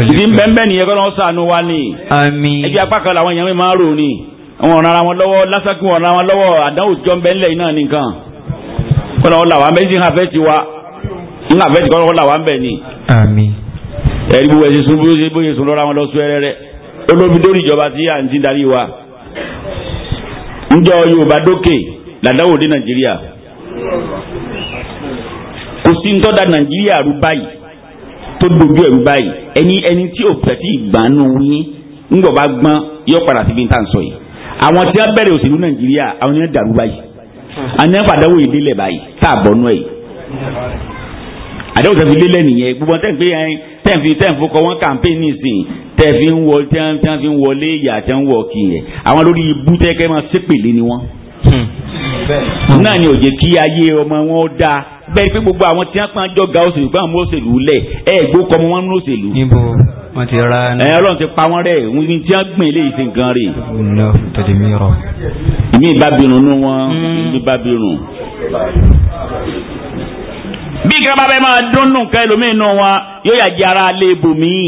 ìdí bẹ́ẹ̀ bẹ́ẹ̀ nìyẹn kọ́ ló sànú wa ní. àmín. ẹbí àwọn ọ̀ràn ara wọn lọ́wọ́ lásàkí wọn ọ̀ràn wọn lọ́wọ́ àdáwò jọ ń bẹ́ ńlẹ̀ iná nìkan kọ́nà wọn làwọn méjì ń àfẹ́ ti wa ń àfẹ́ ti kọ́nà wọn làwọn bẹ̀ ni. àmín. ẹ̀rí gbogbo ẹ̀sìn sun bóyá bóyá sun lọ́ra wọn lọ sún ẹrẹ́rẹ́ olóbi lórí ìjọba tí à ń ti darí wa. ǹjọ́ Yorùbá dókè làdáwò dé Nàìjíríà kò sí ntọ́da Nàìjíríà rú báyìí tó dojú ẹ̀rú báyìí ẹni ẹni tí ò pẹ̀tì ìgbàanú yín ńgbọ̀ bá gbọ́n yọ padà síbi tá à ń sọ yìí àwọn tí wọ́n bẹ̀rẹ̀ òṣèlú nàìjíríà àwọn yẹn dàrú báyìí àwọn yẹn fàdáwò yìí délẹ̀ báyìí tá a bọ̀ nù ẹ̀
àdáwò tẹ̀sí délẹ̀
nìyẹn gbogbo tẹ̀ ń pè yẹn tẹ̀ ń fi tẹ̀ ń fọkọ wọn kàmpéènì sìn tẹ̀ fi ń wọ tẹ̀ ń fi ń wọlé ìyà tẹ̀ ń wọ kì yẹn àwọn lórí ibú tẹ́kẹ́ máa ṣépèlé ni wọ́n. Hmm. náà ni ó jẹ́ kí ayé ọmọ wọn dáa bẹ́ẹ̀ pé gbogbo àwọn tí wọ́n pọ́n jọ ga òṣèlú gbọ́n mú òṣèlú lẹ̀ ẹ̀ gbó kọ́ mọ́ wọn mú òṣèlú. níbo wọn ti ra ni. ẹ Ọlọ́run ti pa wọn rẹ òun ni tí wọ́n gbìn eléyìí ti gan rè. ǹlọ tẹ̀lé mi rọ. mi ì nú wọn mi hmm. bá bí gírámà bẹ́ẹ̀ máa dún nù ká ẹlòmíín nù wọn yóò yà jẹ́ ara alẹ́ ibòmíì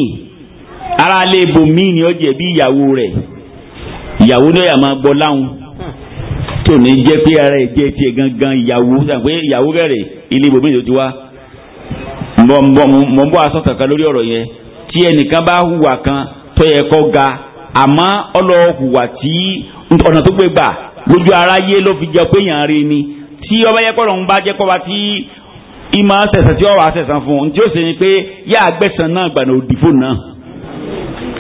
ara alẹ́ ibòmíì ni ó jẹ́ bí ìyàwó rẹ̀ ìyàwó ni ó yà máa gbọ́ láwọn tí ò ní jẹ́ pé ara ẹ̀ jẹ́ tiẹ̀ gangan ìyàwó sàn pé ìyàwó rẹ̀ ilé ibòmí ló ti wá mọ̀ ń bọ́ aṣọ kankan lórí ọ̀rọ̀ yẹn tí ẹnìkan bá hùwà kan tó yẹ kó ga àmọ́ ọlọ́hùwà tí ọ̀nà tó gbé gbà lójú aráyé ló fi jẹ pé yàn rí ni tí ọba yẹ kọ́ lọ́n bá jẹ́ kọ́ wa tí ìmọ̀ sẹ̀sán tí ọ̀rọ̀ àṣẹ̀sán fún un tí ó sì ní pé yá àgbẹ̀sán náà gbàna òdìfò náà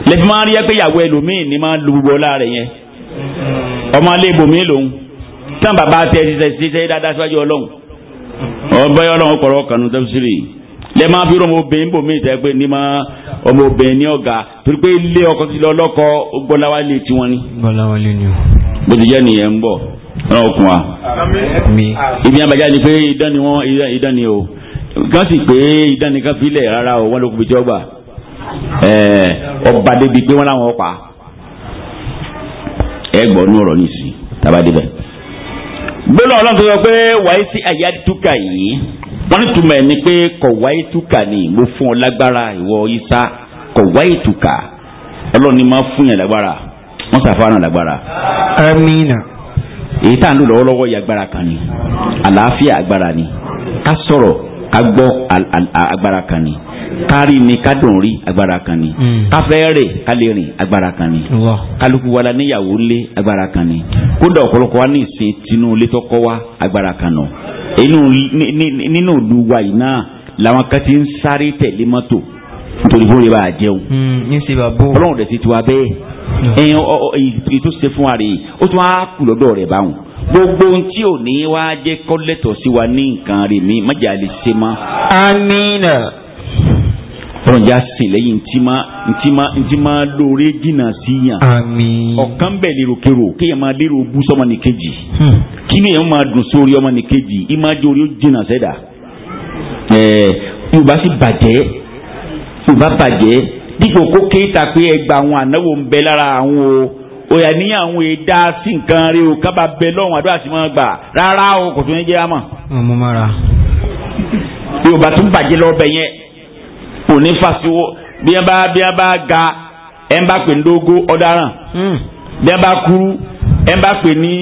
lẹ́fi máa rí ẹ pé ìyàwó ẹlòmíì ni máa lu gbogbo ọlá rẹ̀ yẹn ọmọ alẹ́ ibòmíì lòun tán bàbá tẹ ṣiṣẹ́ ṣiṣẹ́ dáadáa síwájú ọlọ́run ọgbẹ́ ọlọ́run kọ̀ọ̀rọ̀ kanu tẹ́fisiri lẹ́ máa fi ọmọ obìnrin bò mí ìtẹ́ pé ní máa ọmọ obìnrin ní ọ̀gá torí pé ilé ọkọ ti lọ lọ́kọ gbọ́láwálé tiwọn ni. gbọ́láwálé ni o. bó ti jẹ́ nìyẹn ń bọ̀ ọ̀rọ̀ òkun wa. ibi abajá ni pé idán ni wọ́n idán ni o kan sì pé idán ni kan filẹ̀ rárá o wọ́n ló kó fi tí ọgbà ọba débi pé wọ́n láwọn ọ̀pá ẹ gbọ́ nú ọ̀rọ̀ nìsín tàbá débẹ̀ gbọ́dọ̀ ọlọ́run tó sọ pé wáyé sí àyà túkà yìí wọ́n ní túmọ̀ ẹ̀ ni pé kọ̀ wáyé túkà ni mo fún ọ lágbára ìwọ isa kọ̀ wáyé túkà ọlọ́run ni máa fún yàn lágbára wọ́n sàfáàràn lágbára. amina. èyí tá à ń lò lọ́wọ́lọ́wọ́ yìí kan ni àlàáfíà agbára ni ká sọ̀rọ̀ ká gbọ́ agbára kan ni kárí ni ká dùn rí agbára kan ni hmm. káfẹ́ rè ká lè rìn agbára kan ni kálukú wa ni níyàwó lé agbára kan ni kódà ọ̀pọ̀lọpọ̀ wa ní ìsìn tinú létọ́kọ́ wa agbára kan nà nínú ìlú wa yìí náà làwọn kan ti ń sáré tẹ̀lé mọ́tò nítorí kó lè bá hmm, ọlọ́run dẹ̀ ti tu wa bẹ́ẹ̀ hmm. ẹ̀yin ètò ṣe fún wa rèé ó tún wá kù lọ́dọ̀ rẹ̀ báwọn gbogbo ohun tí ò ní wá jẹ́ kọ́lẹ́tọ̀ sí wa ní nǹkan rè mí má jẹ́ àlè ṣe mọ́. ọlọ́run já sìn lẹ́yìn sí yàn. ọ̀kan bẹ̀ lérò kérò kéèyàn máa lérò bú sọ́mọ ní kejì. Hmm. kí ni èèyàn máa dùn sórí ọmọ ní kejì ìmájú orí ó sẹ́dà. yóò bá bàjẹ́ dípò kó kéta pé ẹgbà àwọn ànáwó ń bẹ lára àwọn o òyà ní àwọn èdè sí nǹkan rí o kábà bẹ lọ́wọ́n àdúrà sí wọn gbà rárá o kò tún jẹ́ àmọ́. ọmọ mara. yóò tún bàjẹ́ lọ́bẹ̀ yẹn kò ní fasiwọ́ bí wọ́n bá bí wọ́n bá ga ẹ̀ ń bá pè ní dógó ọ̀daràn hmm. bí wọ́n bá kúrú ẹ̀ ń bá pè ní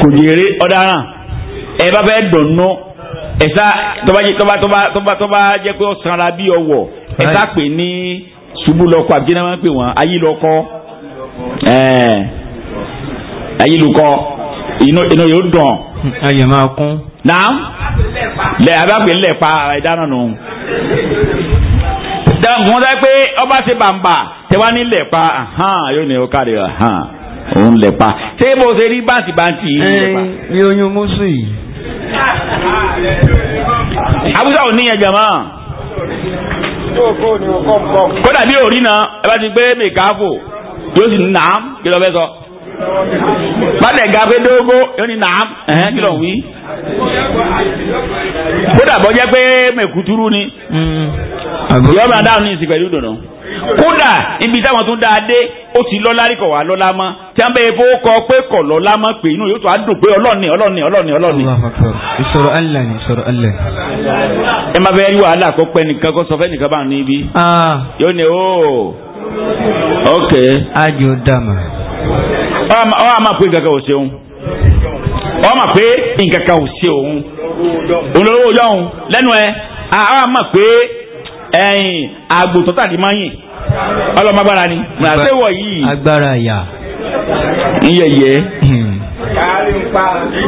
kòjèrè ọ̀daràn ẹ̀ bá fẹ́ dọ̀nà ẹ̀sà tọ́ba jẹ́ pé ọ̀sán ara bí ọwọ́ ẹ̀sà pè ní ṣubú lọ́kọ́ àbí jẹ́nà máa ń pè wọ́n ayílọ́kọ́ ayílùkọ́ inú yóò dùn. ayé máa kún. naam lẹ abágbé lẹ́pa ara ìdáná nù. dáhùn wọn dá pé ọba ṣe bàǹbà tẹwa ní lẹ́pa yóò ní ọkà rẹ̀ òun lẹ́pa ṣé bó ṣe rí bàǹtì bàǹtì. ẹ ẹ mi mú sí i abúlé ò níyẹn jàmá. kódà bí òrí náà ẹ bá ti gbé mèkáfò yóò sì nà á kí ló fẹ́ sọ. bàtẹ̀ ga pé dógó yóò wí. kódà bọ́ ni hmm. dáhùn ní dùnú kódà ibi táwọn dáa dé ó ti lọ́lá rí kọ̀ wá kọ pé kọ̀ lọ́lá mọ́ pé inú yóò á dùn pé ọlọ́ọ̀ni ọlọ́ọ̀ni ọlọ́ọ̀ni ọlọ́ọ̀ni. ìṣòro ni ìṣòro ẹ máa fẹ́ rí wàhálà kó ok. ọ máa pé nǹkan kan ò ọ máa pé nǹkan kan ò ṣe òun olówó ẹ ọ máa pe ẹyin àgùntàn tàbí mọ́yìn ọlọ́mọgbára ni yìí agbára yà iyẹyẹ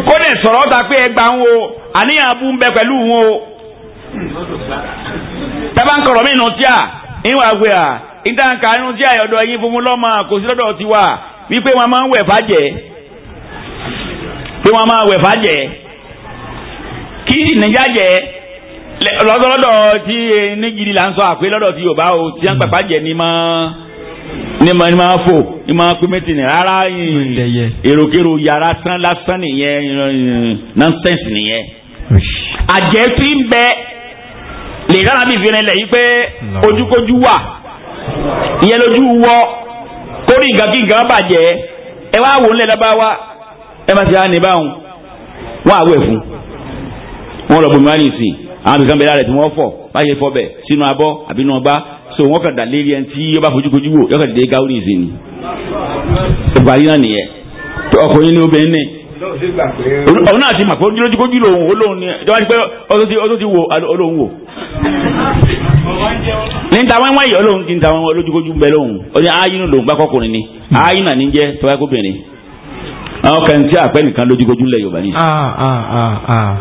kódé sọ̀rọ̀ ta pé ẹgbàá ń wo àníyàn abú ń bẹ pẹ̀lú wọn o
tábà ń kọ̀rọ̀ mí nù
tíà ìwà à funfun lọ́mọ kò wípé wọn máa ń wẹ̀ fàjẹ́ pé wọn máa wẹ̀ fàjẹ́ kí nìjà jẹ́ lọ́dọọdọ tí nígidi là ń sọ àpé lọ́dọ̀ tí Yorùbá o tí wọ́n pàpà jẹ́ ni máa ní ma ní ma fò ní ma pé méjì ní rárá èròkèrò yàrá tán lásán nìyẹn nonsense nìyẹn. àjẹ́ tí ń bẹ lè rárá bí ìfìrẹ́lẹ̀ yìí pé ojúkojú wà ìyẹn lójú wọ torí nǹkan kí nǹkan bàjẹ́ ẹ wá wò nílẹ̀ lọ́ba wa ẹ má ti á ní báwọn wọn àwẹ̀ fún wọn lọ bomi wá ní ìsìn àwọn àbíkan bẹ̀rẹ̀ rẹ̀ tí wọ́n fọ̀ báyìí fọ́ bẹ̀ sínú abọ́ àbínú ọba so wọn kàn dà lérí ẹni tí yọba fojúkojú wò yọkàn dìde gáwúrì ìsìn ni ìparí náà nìyẹn ọkùnrin ni obìnrin ni òun náà ti mà pé ojúlójúkojú lòun olóhùn ni ìjọba ti pé ọtún ti wò ní ta wọ́n wáyé ọlọ́run ti ń ta wọ́n olójúkójú bẹ́ẹ̀ lóhùn ó ní ayínú lòún bá kọkùnrin ni hmm. ayínú àní jẹ́ tọ́wá kóbìnrin àwọn kan tí àpẹ́ nìkan lójúkójú lẹ̀ yorùbá ni. Ah, ah, ah,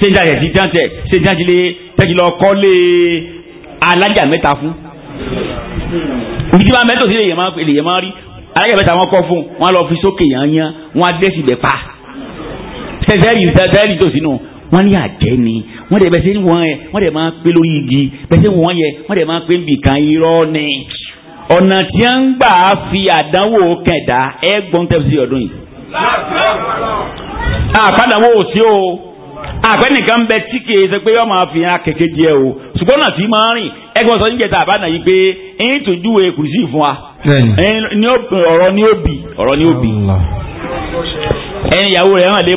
ṣé jáde ti jáde ṣé jáde lé jáde lọ kọ́ lé alájà mẹ́ta fún. ibi tí wọ́n mẹ́tò sí lèyẹ̀ máa rí alájà mẹ́ta wọ́n kọ́ fún wọn lọ fi sókè yányán wọn adé síbẹ̀ pa. sẹ́sẹ́rì sẹ́sẹ́rì tòsínú wọ́n ní àjẹ́ ni wọ́n dẹ̀ bẹ́sẹ̀ ń wọ́n yẹ wọ́n dẹ̀ máa pé lórí igi bẹ́sẹ̀ ń wọ́n yẹ wọ́n dẹ̀ máa pé irọ́ ni. ọ̀nà tí a ń gbà fi àdánwò kẹ̀dá ẹ gbọ́n tẹ́ sí ọdún yìí. àpàdánwò sí o bẹ tí o ṣùgbọ́n náà tí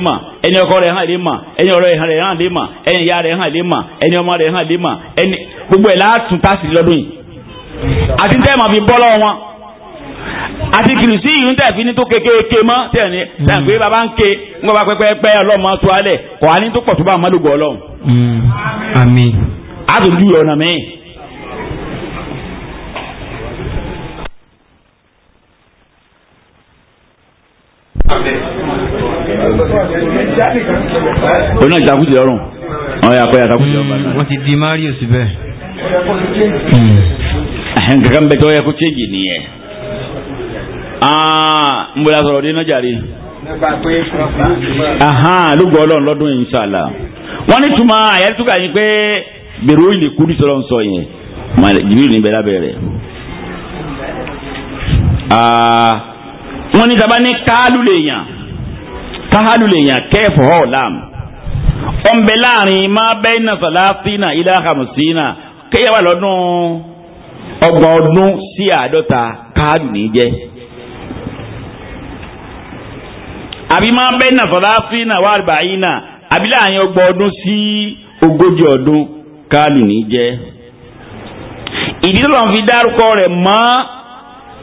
máa rìn ẹni ọkọ rẹ̀ hàn lè mà ẹni ọ̀rẹ́ rẹ̀ hàn lè mà ẹni ìyá rẹ̀ hàn lè mà ẹni ọmọ rẹ̀ hàn lè mà ẹni gbogbo ẹ̀ láàtún tásì lọ́dún yìí àti tẹ́ màá fi bọ́ lọ́wọ́ wọn àti kìrìsì yìí ń tẹ̀fi ní tó kékeré mọ́ tẹ̀ni tẹ̀gbé hmm. bàbá ń ké ń gbọ́ba pẹ́pẹ́pẹ́ ọlọ́mọ tó alẹ̀ kọ́ àní tó pọ̀ tó bá àmàlùgbọ́ ọlọ́run.
Hmm. àmín.
àtòjú ọ̀nà mẹ́yìn. òun náà jàkújì lọ́rùn ọ̀hún yà kọ́ yà jàkújì lọ́rùn. Hmm, wọ́n ti di mario síbẹ̀. Hmm. kankan bẹ tọ́ yẹ kó chéjì nìyẹn. n ah, bọ̀dọ̀ sọ̀rọ̀ dín náà jàre. lúgbọ̀ ọlọ́run lọ́dún yìí sàlà. wọ́n ní tuma àyẹ̀túkà yìí pé bèrè òyìn lè kú ní sọ̀rọ̀ nsọ yẹn jìbìrì ní bẹ́ẹ̀ lábẹ́ rẹ̀. Ah. wọn ní taba ní káálù lèèyàn káálù lèèyàn kẹ́ẹ̀fù ọ̀làm ọ̀nbẹ láàrin máa bẹ́ iná sàlásínà ilé àkàmùsínà kéèyàn wà lọ́dún ọdún sí àádọ́ta àbí iná wà àbí láàrin ọdún sí ogójì ọdún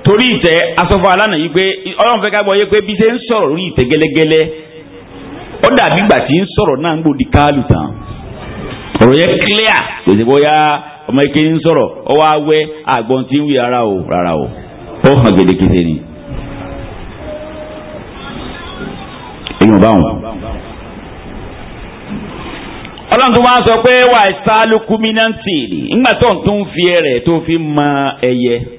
torí ite asọ́fọ́ alánà yìí pé ọlọ́run fẹ́ ká gbọ́ yé pé bí ṣe ń lórí ìtẹ́ gẹ́lẹ́gẹ́lẹ́ ó dàbí ìgbà tí ń sọ̀rọ̀ náà ń gbòdì káàlù tán ọ̀rọ̀ yẹn clear kò sí bóyá ọmọ ń ọ wá àgbọn tí ń wí ara o rárá o ó hàn gèdèkèdè ni. èyí ò bá wọn. ọlọ́run tó wá sọ pé wàá fi tó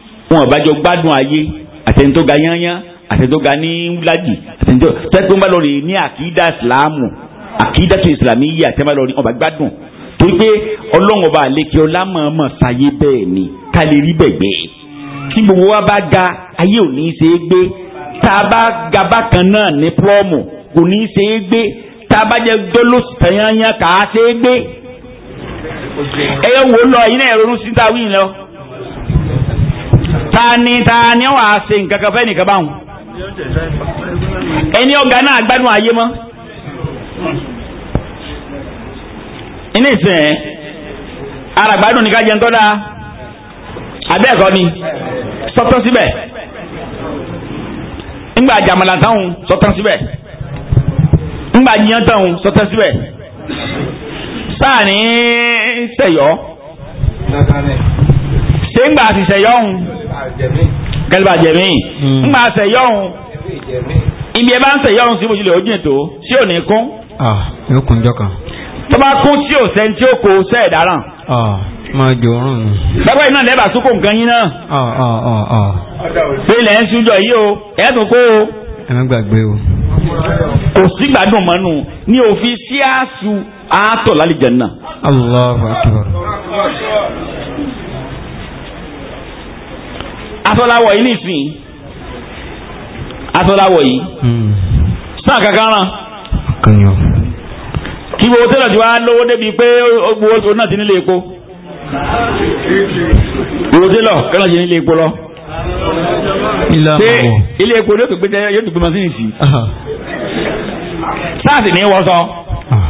wọn àbájọ gbádùn ayé àtẹni tó ga yányán àtẹni tó ga ní wúlájì àtẹni tó tẹ́tí wọn bá lọ rè ní àkídà ìsìlámù àkídà tó ìsìlámù yìí àtẹni bá lọ rè ọba gbádùn torí pé ọlọ́run ọba àlekè ọlámọ̀ọ́mọ̀ sáyé bẹ́ẹ̀ ni ká lè rí bẹ̀gbẹ́ tí gbogbo wa bá ga ayé ò ní í ṣe é gbé tá a bá ga bákan náà ní plọ́ọ̀mù kò ní í ṣe é gbé tá a bá jẹ dọ́lọ́sì tẹ̀yányá Tani ni ta ni wàá ṣe nǹkan kan fẹ́ nìkan báwọn ẹni ọ̀gá náà gbádùn ayé mọ́ ní ìsìn ara gbádùn nìkan jẹun tó dáa abẹ́ẹ̀kọ́ ni sọ́tọ́ síbẹ̀ ńgbà jàmàlà táwọn sọ́tọ́ síbẹ̀ ńgbà yíyan táwọn sọ́tọ́ síbẹ̀ sáà ní ṣé ń gbà àti ṣẹ̀yọ́hún kẹlẹ́bà jẹ̀mí hmm. ń gbà ṣẹ̀yọ́hún ibi ẹ bá ń ṣẹ̀yọ́hún sí ìbòjúlẹ̀ ojú ètò sí ò ní kún. yóò kún jọ kan. tó bá kún tí ò sẹ́ni tí ó kó sẹ́ẹ̀ dáràn. máa jò rùn ni. bẹ́ẹ̀ náà lẹ́bàá sókò nǹkan yín náà. pé ń súnjọ yìí o ẹ̀ tún kó o. ẹ má gbàgbé o. kò sígbàdùn mọ́nù ní òfin síáàsù àátọ̀ lálejò náà. asọ́láwọ̀ yìí nìsín asọ́láwọ̀ yìí hmm. sáà kankan ràn. kí wo tẹ́lẹ̀ tí wàá lówó débi pé ó gbowó tó náà ti nílé epo wo tẹ́lẹ̀ kẹ́lẹ́ ti nílé epo lọ. pé ilé epo yóò tó gbé yóò tó gbé masínì sí. sáà sì ní wọ́n sọ. Ah.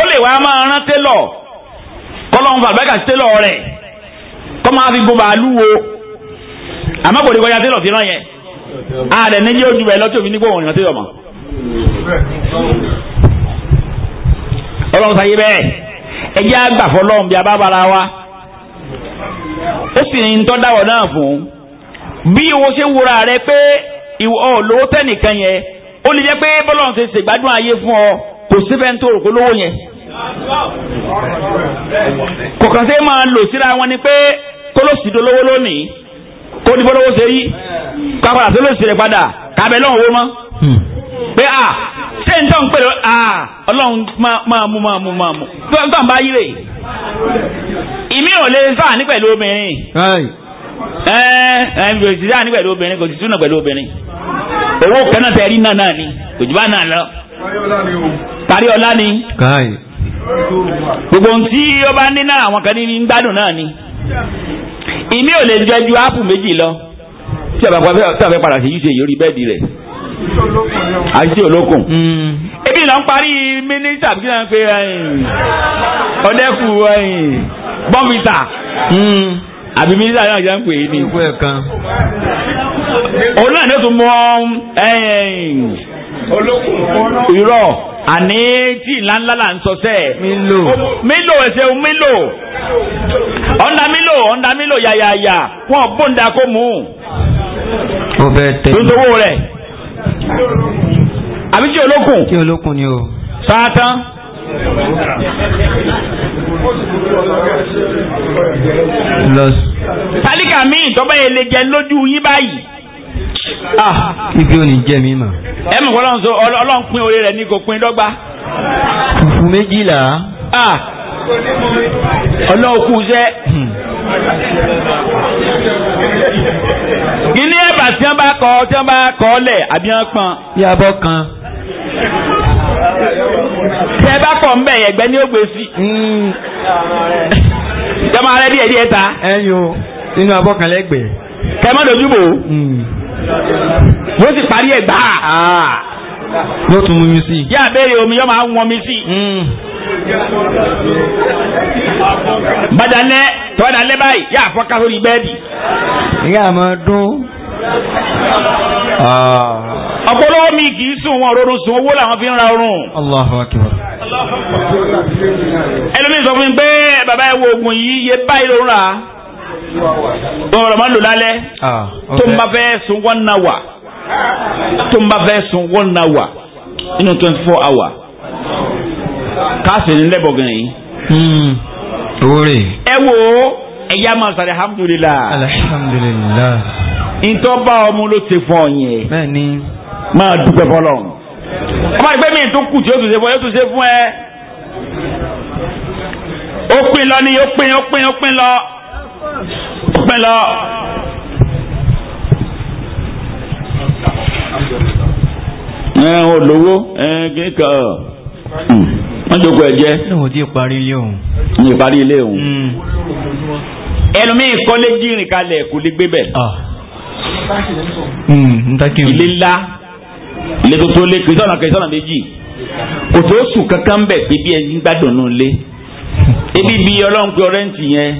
ó lè wá máa rán tẹ́lọ̀ kọ́lọ́hún fàgbẹ́kà tẹ́lọ̀ rẹ̀ kọ́ máa fi gun bàálù wo àmọ́ kò ní kọjá tẹ́lọ̀ tí náà yẹn ààrẹ ní yóò ju bẹ́ẹ̀ lọ́tí òfin nígbò òrìnà tẹ́lọ̀ mọ́. ọlọ́run sáyé bẹ́ẹ̀ ẹ jẹ́ àgbà fọlọ́run bí a bá bára wa ó sì ní tọ́ dáwọ̀ náà fún bí owó ṣe ń wúra rẹ pé ìwọ olówó tẹ́nìkan yẹn ó lè jẹ́ pé bọ́lọ́run ṣe ṣègbádùn ayé fún ọ kò síbẹ̀ ń tó òrùkó lówó yẹn kọ̀ọ̀kan ṣe máa lò síra wọn ni pé kólóṣìdó lówó lónìí kó ní bọ́lọ́wọ́ ṣe yí padà tó lóṣù padà kábẹ́ owó mọ́. Hmm. pé a ṣé n tọ́ n pè a ọlọ́run máa mú máa mú máa mú tó ń tọ́ bá yí rè. ìmí ò lè sáà ní pẹ̀lú obìnrin. ẹ ẹ kò sí sáà ní pẹ̀lú obìnrin kò sí túnà pẹ̀lú obìnrin. owó kan náà ni kò jù ni. gbogbo ohun tí ó bá ní náà àwọn ìmí ò lè jẹ ju áàpù méjì lọ tí a bá fẹ́ padà sí usa yóò rí bẹ́ẹ̀dì rẹ̀ àṣìṣe olókùn. Hmm. ebi ló ń parí mínísítà bí wọ́n pe eh, ọ̀dẹ́kù eh, bọ́mìtà hmm. àbí mínísítà náà jẹ́ ń pè é ní. òun náà ni ó tún mọ eh, olókùn irọ́ àní tí ńláńlá là ń sọ sẹ́. Milo, mílò ẹsẹ̀ mílò ọ̀ndà mílò ọ̀ndà mílò yàyàyà wọn bóńdà kó mú. ó bẹ́ẹ̀ tẹ́ mi. tuntun rẹ̀ àbí tí olókùn. tí olókùn ni o. sáátán. tálíkà míì tọ́ba jẹ lójú yín báyìí ah
ibi ò ní jẹ́ mi mà.
ẹ mọ̀ ọlọ́run sọ ọlọ́run pín orí rẹ̀ ní kò pín dọ́gba.
fùfú méjìlá.
ah ọlọ́run kù sẹ́. kíní hmm. ẹ̀bà tí wọ́n bá kọ́ tí wọ́n bá kọ́ lẹ̀ àbí wọ́n pọn. yàbọ̀ kan. tẹ bá pọ̀ ń bẹ̀ ẹ̀gbẹ́ ni ó gbé sí. Hmm.
jọmọ alẹ́ díẹ̀ díẹ̀ ta. ẹ̀yin o nínú abọ́kànlẹ́gbẹ̀ẹ́. kẹ́ ẹ má
dojú bò ó. Hmm yóò sì parí ẹ̀ gbà. Ah. yóò tún mú mi sí. yá abẹ́rẹ́ omi yóò máa ń wọ́n mi sí. Hmm. bàdàlẹ́ tọ́dàlẹ́ báyìí yá àfọ́ká sórí bẹ́ẹ̀dì. ìyá àmọ́ dún. Ah. ọ̀pọ̀lọpọ̀ mi kì í sùn wọn òróró sùn owó làwọn fi ń ra oorun. Allahu Akbar. ẹlòmíì sọ fún mi pé bàbá ẹ wo oògùn yìí yé báyìí ló ń rà ọ̀rọ̀ máa ń lò lálẹ́ ah, tó ń bá fẹ́ sun one hour tó ń bá fẹ́ sun one hour nínú twenty four hour káàsì ní lẹ́bọ̀ gan yìí. Hmm. ẹ wo ẹ̀yà máa sàrẹ̀ alhamdulilah. alhamdulilah. ntọ́ bá ọmọ ló ti fọ yẹn. bẹ́ẹ̀ni. máa dúpẹ́ fọlọ́. ọmọ ìgbẹ́ mi tó kù tí ó tún ṣe fún ẹ ó tún ṣe fún ẹ. ó pin lọ ni ó pin ó pin ó pin lọ pẹ́ lọ. ẹ ò lówó ẹ kìí kàn
wọ́n
hmm. jókòó ẹ jẹ́. lóun ti parí ilé òun. ní ìparí ilé òun. Hmm. ẹlòmíì kọ́lé jìnrìn kalẹ̀ kò lè gbé bẹ̀. Ah. Hmm, ilé ńlá ilé tó tó lé kìí sọ̀nà kìí sọ̀nà méjì kò tó sùn kankan bẹ̀ pé bí ẹ ń gbádùn nù lé ebi bí ọlọ́run pé ọrẹ́ǹtì yẹn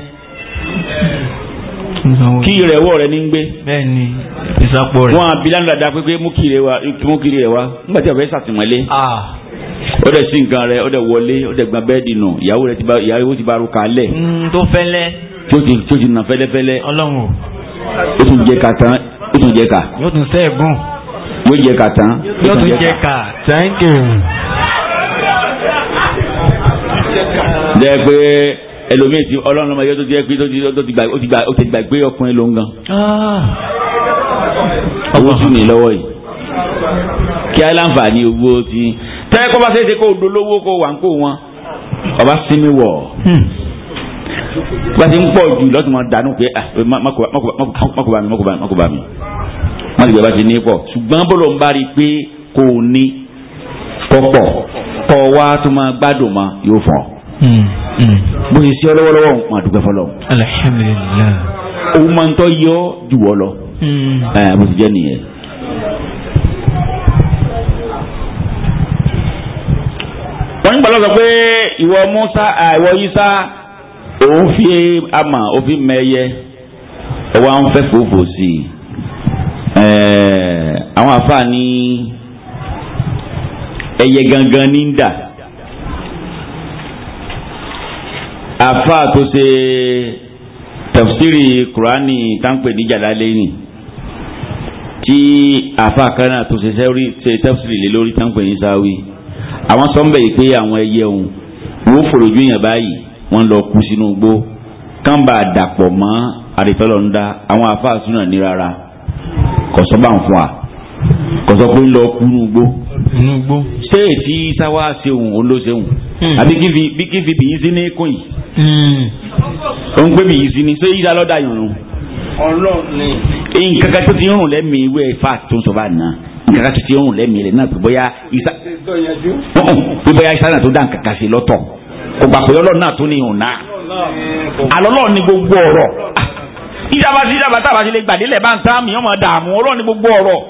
kí rẹ̀ wọ̀ rẹ̀ ní gbé. bẹ́ẹ̀ni ìsapò rẹ̀. wọn àbí lánàá dáadáa pé mú kiri wa mú kiri rẹ̀ wa nígbà tí a fẹ́ sàtìmọ́lé. ó dẹ̀ sí nǹkan rẹ̀ ó dẹ̀ wọlé ó dẹ̀ gbọ́n bẹ́ẹ̀dì nù ìyàwó rẹ̀ ìyàwó ti ba, ru kalẹ̀. Mm, tó fẹ́lẹ́. tó ti tó ti nà fẹ́lẹ́fẹ́lẹ́. ọlọ́run o. ó tún jẹ ká tán ó tún jẹ ká. yóò tún sẹ́ ẹ̀gún. yóò jẹ ká tán. yóò tún jẹ ká thank you. jẹ́ ẹlòmíì ti ọlọ́run ọmọ yẹn tó ti ẹ pé tó ti gbà ó ti gbàgbé ọkùnrin ló ń gan. Ah. owó tún ní lọ́wọ́ yìí kí á láǹfààní owó ti tẹ́lẹ̀ kó bá ṣe é ṣe kó dolówó kó wà ń kó wọn ọba sinmi wọ̀ hmm. bá ti ń pọ̀ jù lọ́tún máa dànù pé ah, mọ́kùbá mi mọ́kùbá mi wọ́n ti gbé bá ti ní pọ̀ ṣùgbọ́n bọ́lọ̀ ń bá rí i pé kò ní pọ̀pọ̀ kọ́ wa tó máa gbádùn ma yóò fọ́n bó hmm, hmm. ṣe sí ọ lọ́wọ́lọ́wọ́ ń pa àdúgbò fọlọ́. alhamdulillah. òun máa ń tọ́ yọ jù wọ́ lọ. Hmm. bó ti jẹ́ nìyẹn. wọ́n ń gbọ́dọ̀ sọ pé ìwọ Musa ìwọ Isa òun fi ama òfin mẹ́yẹ ẹ̀wọ̀n àwọn fẹ́ fòfò sí i àwọn àfáà ní ẹyẹ gangan ní ń dà. afa tó ṣe tafsiri kurani táǹpẹ̀ ní Jalalaini tí afa kan náà tó ṣe ṣe tafsiri lé lórí táǹpẹ̀ ní sáwí àwọn sọ́nbẹ̀ yìí pé àwọn ẹyẹ òun wọ́n fòròjú yẹn báyìí wọ́n lọ kú sínú igbó kánbà dàpọ̀ mọ́ àdìtọ́lọ̀ àwọn afa àsúná ní rárá kọ̀sọ́ bá ń fún wa kọ̀sọ́ pé ń lọ kú nínú igbó inú gbó. téèdì seun ṣeun olóṣeun hmm. àbí kí n fi bìyí sí ní kùn yìí. Hmm. ó ń pè bìyí sí ní sóyí ìdálọ́dà yòrùn.
ni. nǹkan kan tó ti
rùn lẹ́mìí ìwé fà tó ń sọ bá nà nǹkan tó ti rùn lẹ́mìí rẹ̀ náà bóyá isa. pé bóyá isa náà tó dá nǹkan kan sí lọ́tọ̀ kò gbà pé ọlọ́run náà tó ní ìhùn náà. àlọ́lọ́run ni gbogbo ọ̀rọ̀ ìjàmbá sí ìjàmbá tábà sí lè gbàdélẹ̀ bá ń sáàmì ọmọ dààmú ọlọ́run ni gbogbo ọ̀rọ̀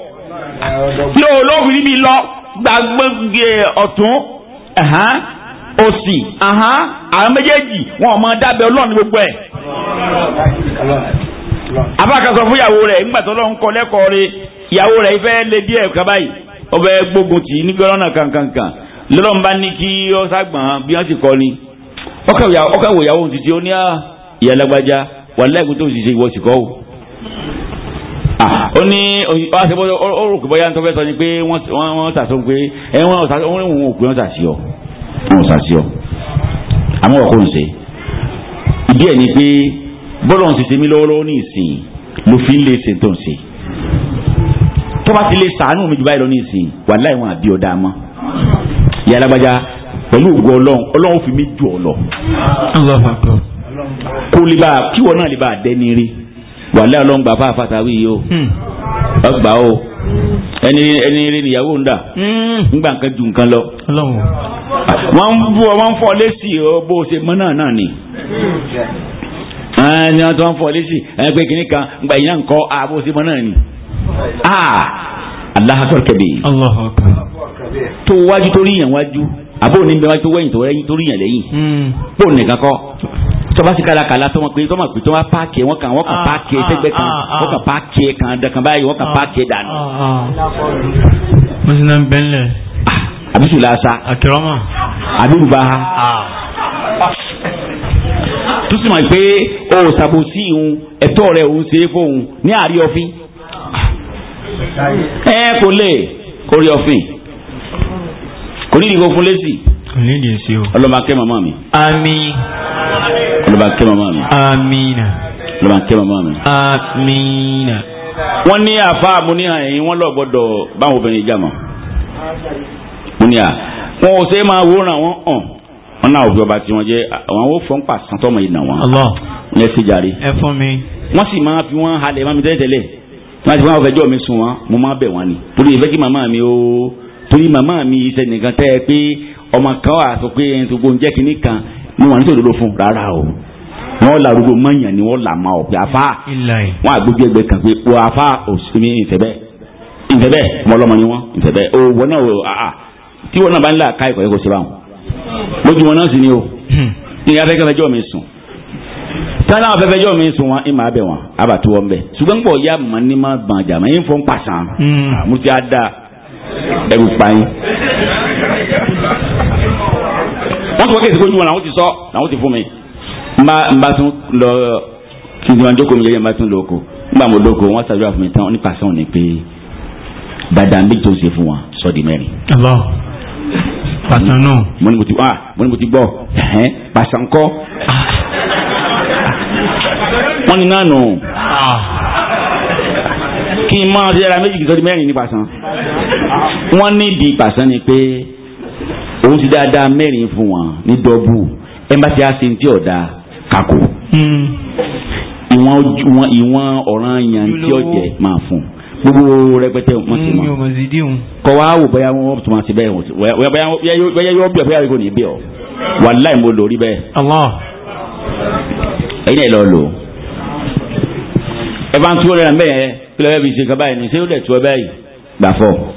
tí olóògùn níbi lọ gbàgbé ọ̀tún òsì àwọn méjèèjì wọn ò mọ dábẹ́ ọlọ́run ní gbogbo ẹ̀. abáka sọ fún ìyàwó rẹ̀ nígbà tó lọ́n kọ lẹ́kọ̀ọ́ rẹ̀ ìyàwó rẹ̀ ìfẹ́ lé díẹ̀ kaba yìí ọbẹ̀ gbógun tì í níbi ọlọ́nà kankankan lọ́run bá ní kí ọ ságbọ̀n bí wọ́n ti kọ́ ni. ọkọ̀ ìyàwó títí ó ní ah, ìyàlágbájá wàlẹ́ ìgbótó Ah. ó ní ọ̀sẹ̀bọ̀dọ̀ ó rò pé bóyá nítorí sọ ni pé wọ́n sàṣọ pé ẹ wọ́n sàṣọ wọ́n rìn wọ́n pé wọ́n sàṣì ọ wọ́n sàṣì ọ àmọ́ ọkọ ń ṣe ìdí ẹ̀ ni pé bọ́lọ̀ ń ṣiṣẹ́ mi lọ́wọ́lọ́wọ́ ní ìsìn ló fi ń lè ṣe tó ń ṣe tó bá ti lè sàánú mi jù báyìí lọ ní ìsìn wàláhì wọn àbí ọ̀dà mọ́ ìyá pẹ̀lú ògùn ọlọ́run ọlọ́run fi mí jù ọ kó lè bá kí náà lè bá dẹ́ni rí wàlẹ́ ọlọ́ngbà fà fàtàwí yìí o ọgbà hmm. o ẹni ẹni eré nìyàwó ń dà hmm. ńgbà nǹkan ju nǹkan lọ. wọ́n ń bú ọ wọ́n ń fọ lẹ́sì ọ bó o ṣe mọ́ náà náà ni. ẹni wọ́n ti wọ́n fọ lẹ́sì ẹni kìnnì kan ńgbà yìí náà ń kọ́ a bó o ṣe mọ́ náà ni. Allahu akbar kẹ̀dẹ̀. tó wájú tó rí yàn wájú àbò ní bẹ́ẹ̀ wá tó wẹ́yìn tó rẹ́yìn tó ríyàn lẹ́yìn pò hmm. nìkan kọ́ tọ́ba sí kálákàlá tọ́mọ pé tọ́mọ pé tọ́mọ páàkì wọ́n kàn wọ́n kàn ah, páàkì ẹ̀sẹ̀gbẹ́ ah, kan ah, wọ́n kàn páàkì kan dàkàn báyìí wọ́n kàn páàkì dànù. mọ́sánná ń bẹ́ ńlẹ̀. àbísù làásà. àkìrọ́mà. àbílùbá. tó sì mọ̀ pé o ṣàbòsí ìhun ẹ̀tọ́ rẹ̀ òun ṣe é fóun ní àárí ọ̀fìn. ẹ kò lè kórè ọ̀fìn kò ní fún lẹ́sì. kò sí o. ọlọ́ba kẹ́ màmá mi. àmín. ọlọ́ba kẹ́ màmá mi. àmín. ọlọ́ba kẹ́ màmá mi. àmín. wọ́n ní àfa àmúníhàn ẹ̀yìn wọ́n lọ gbọ́dọ̀ báwọn obìnrin jà mọ́. mo ní à wọn ò sẹ́ máa wòran wọn hàn wọn náà òbí ọba tí wọn jẹ àwọn ò fọ́n pa santọ́mọ yìí nà wọn. Allah ẹ fi jàre. ẹ fún mi. wọ́n sì máa fi wọ́n halẹ̀ mami tẹ́lẹ̀ tẹ́lẹ̀ wọ́n ti fún àwọn mi sùn wọn mo máa bẹ̀ wọ́n ni torí ìfẹ́ kí màmá mi ó torí màmá mi ṣe nìkan tẹ́ ẹ pé ọmọ kan wà sọ pé ẹni tó gbóúnjẹ kínní kan ni wọ́n ní sòdodo fún rárá o wọ́n la arúgbó mọ̀nyàn ni wọ́n là má ọ̀ pé afá wọ́n àgbójú ẹgbẹ́ kan pé wọ́n afá òsínmi ìfẹ́bẹ́ ìfẹ́bẹ́ ọmọ ọlọ́mọ ni wọ́n ìfẹ́bẹ́ o wọ́n náà o àà tí wọ́n náà bá ń là ká ìkọ̀ yẹ kó ṣe báwọn lójú wọn náà sì ni o ìyá hmm. fẹ́ kẹfẹ́ jọ́ mi sùn sanni àwọn fẹfẹ jọ mi sun wọn ima bẹ wọn abatu wọn bẹ ṣùgbọ́n pọ̀ ya mọ̀ ní ma ban jàmọ́ yín fọ́n pàṣán. Hmm. àmúti á da ẹrù pààyàn. wọ́n ti wọ́n kéde kojú wọn làwọn ti sọ làwọn ti fún mi. nba nba tún lọ ìdìbò àjọkò mi lẹ́yìn nba tún lọ oko nba mo lọ oko wọ́n ṣàdúrà fún mi tán nípa sọ̀rọ̀ ni pé dáadáa méjì tó ń ṣe fún wa sọ di mẹ́rin. pàṣán náà. mo ní mo ti ah mo ní mo ti gbọ́ pàṣán kọ́. Ah. wọ́n ní náà kí n máa ṣe ara méjì kìtọ́ di mẹ́rin ní pàṣán wọ́n ní ìdí pàṣán ni pé òun ti dáadáa mẹ́rin fún wọn ní dọ́bù ẹ̀mbàtí á ṣe ti ọ̀dà kakò hmm. ìwọ̀n ìwọ̀n ọ̀ràn yàn tí ọ̀jẹ̀ máa fún un gbogbo rẹpẹtẹ wọn ti mọ hmm, kọ wa wò bóyá wọn tún ma ti bẹ́ẹ̀ bóyá yọ bí ọ bóyá yọ ní bí ọ wàláì mo lò rí bẹ́ẹ̀. ẹyin ẹ lọ lò ẹ bá ń tún ọ lẹ́nu bẹ́ẹ̀ kí lọ́wọ́ bí ṣe kan báyìí ní ṣé ó dẹ̀ tó ẹ báyìí gbà fọ́.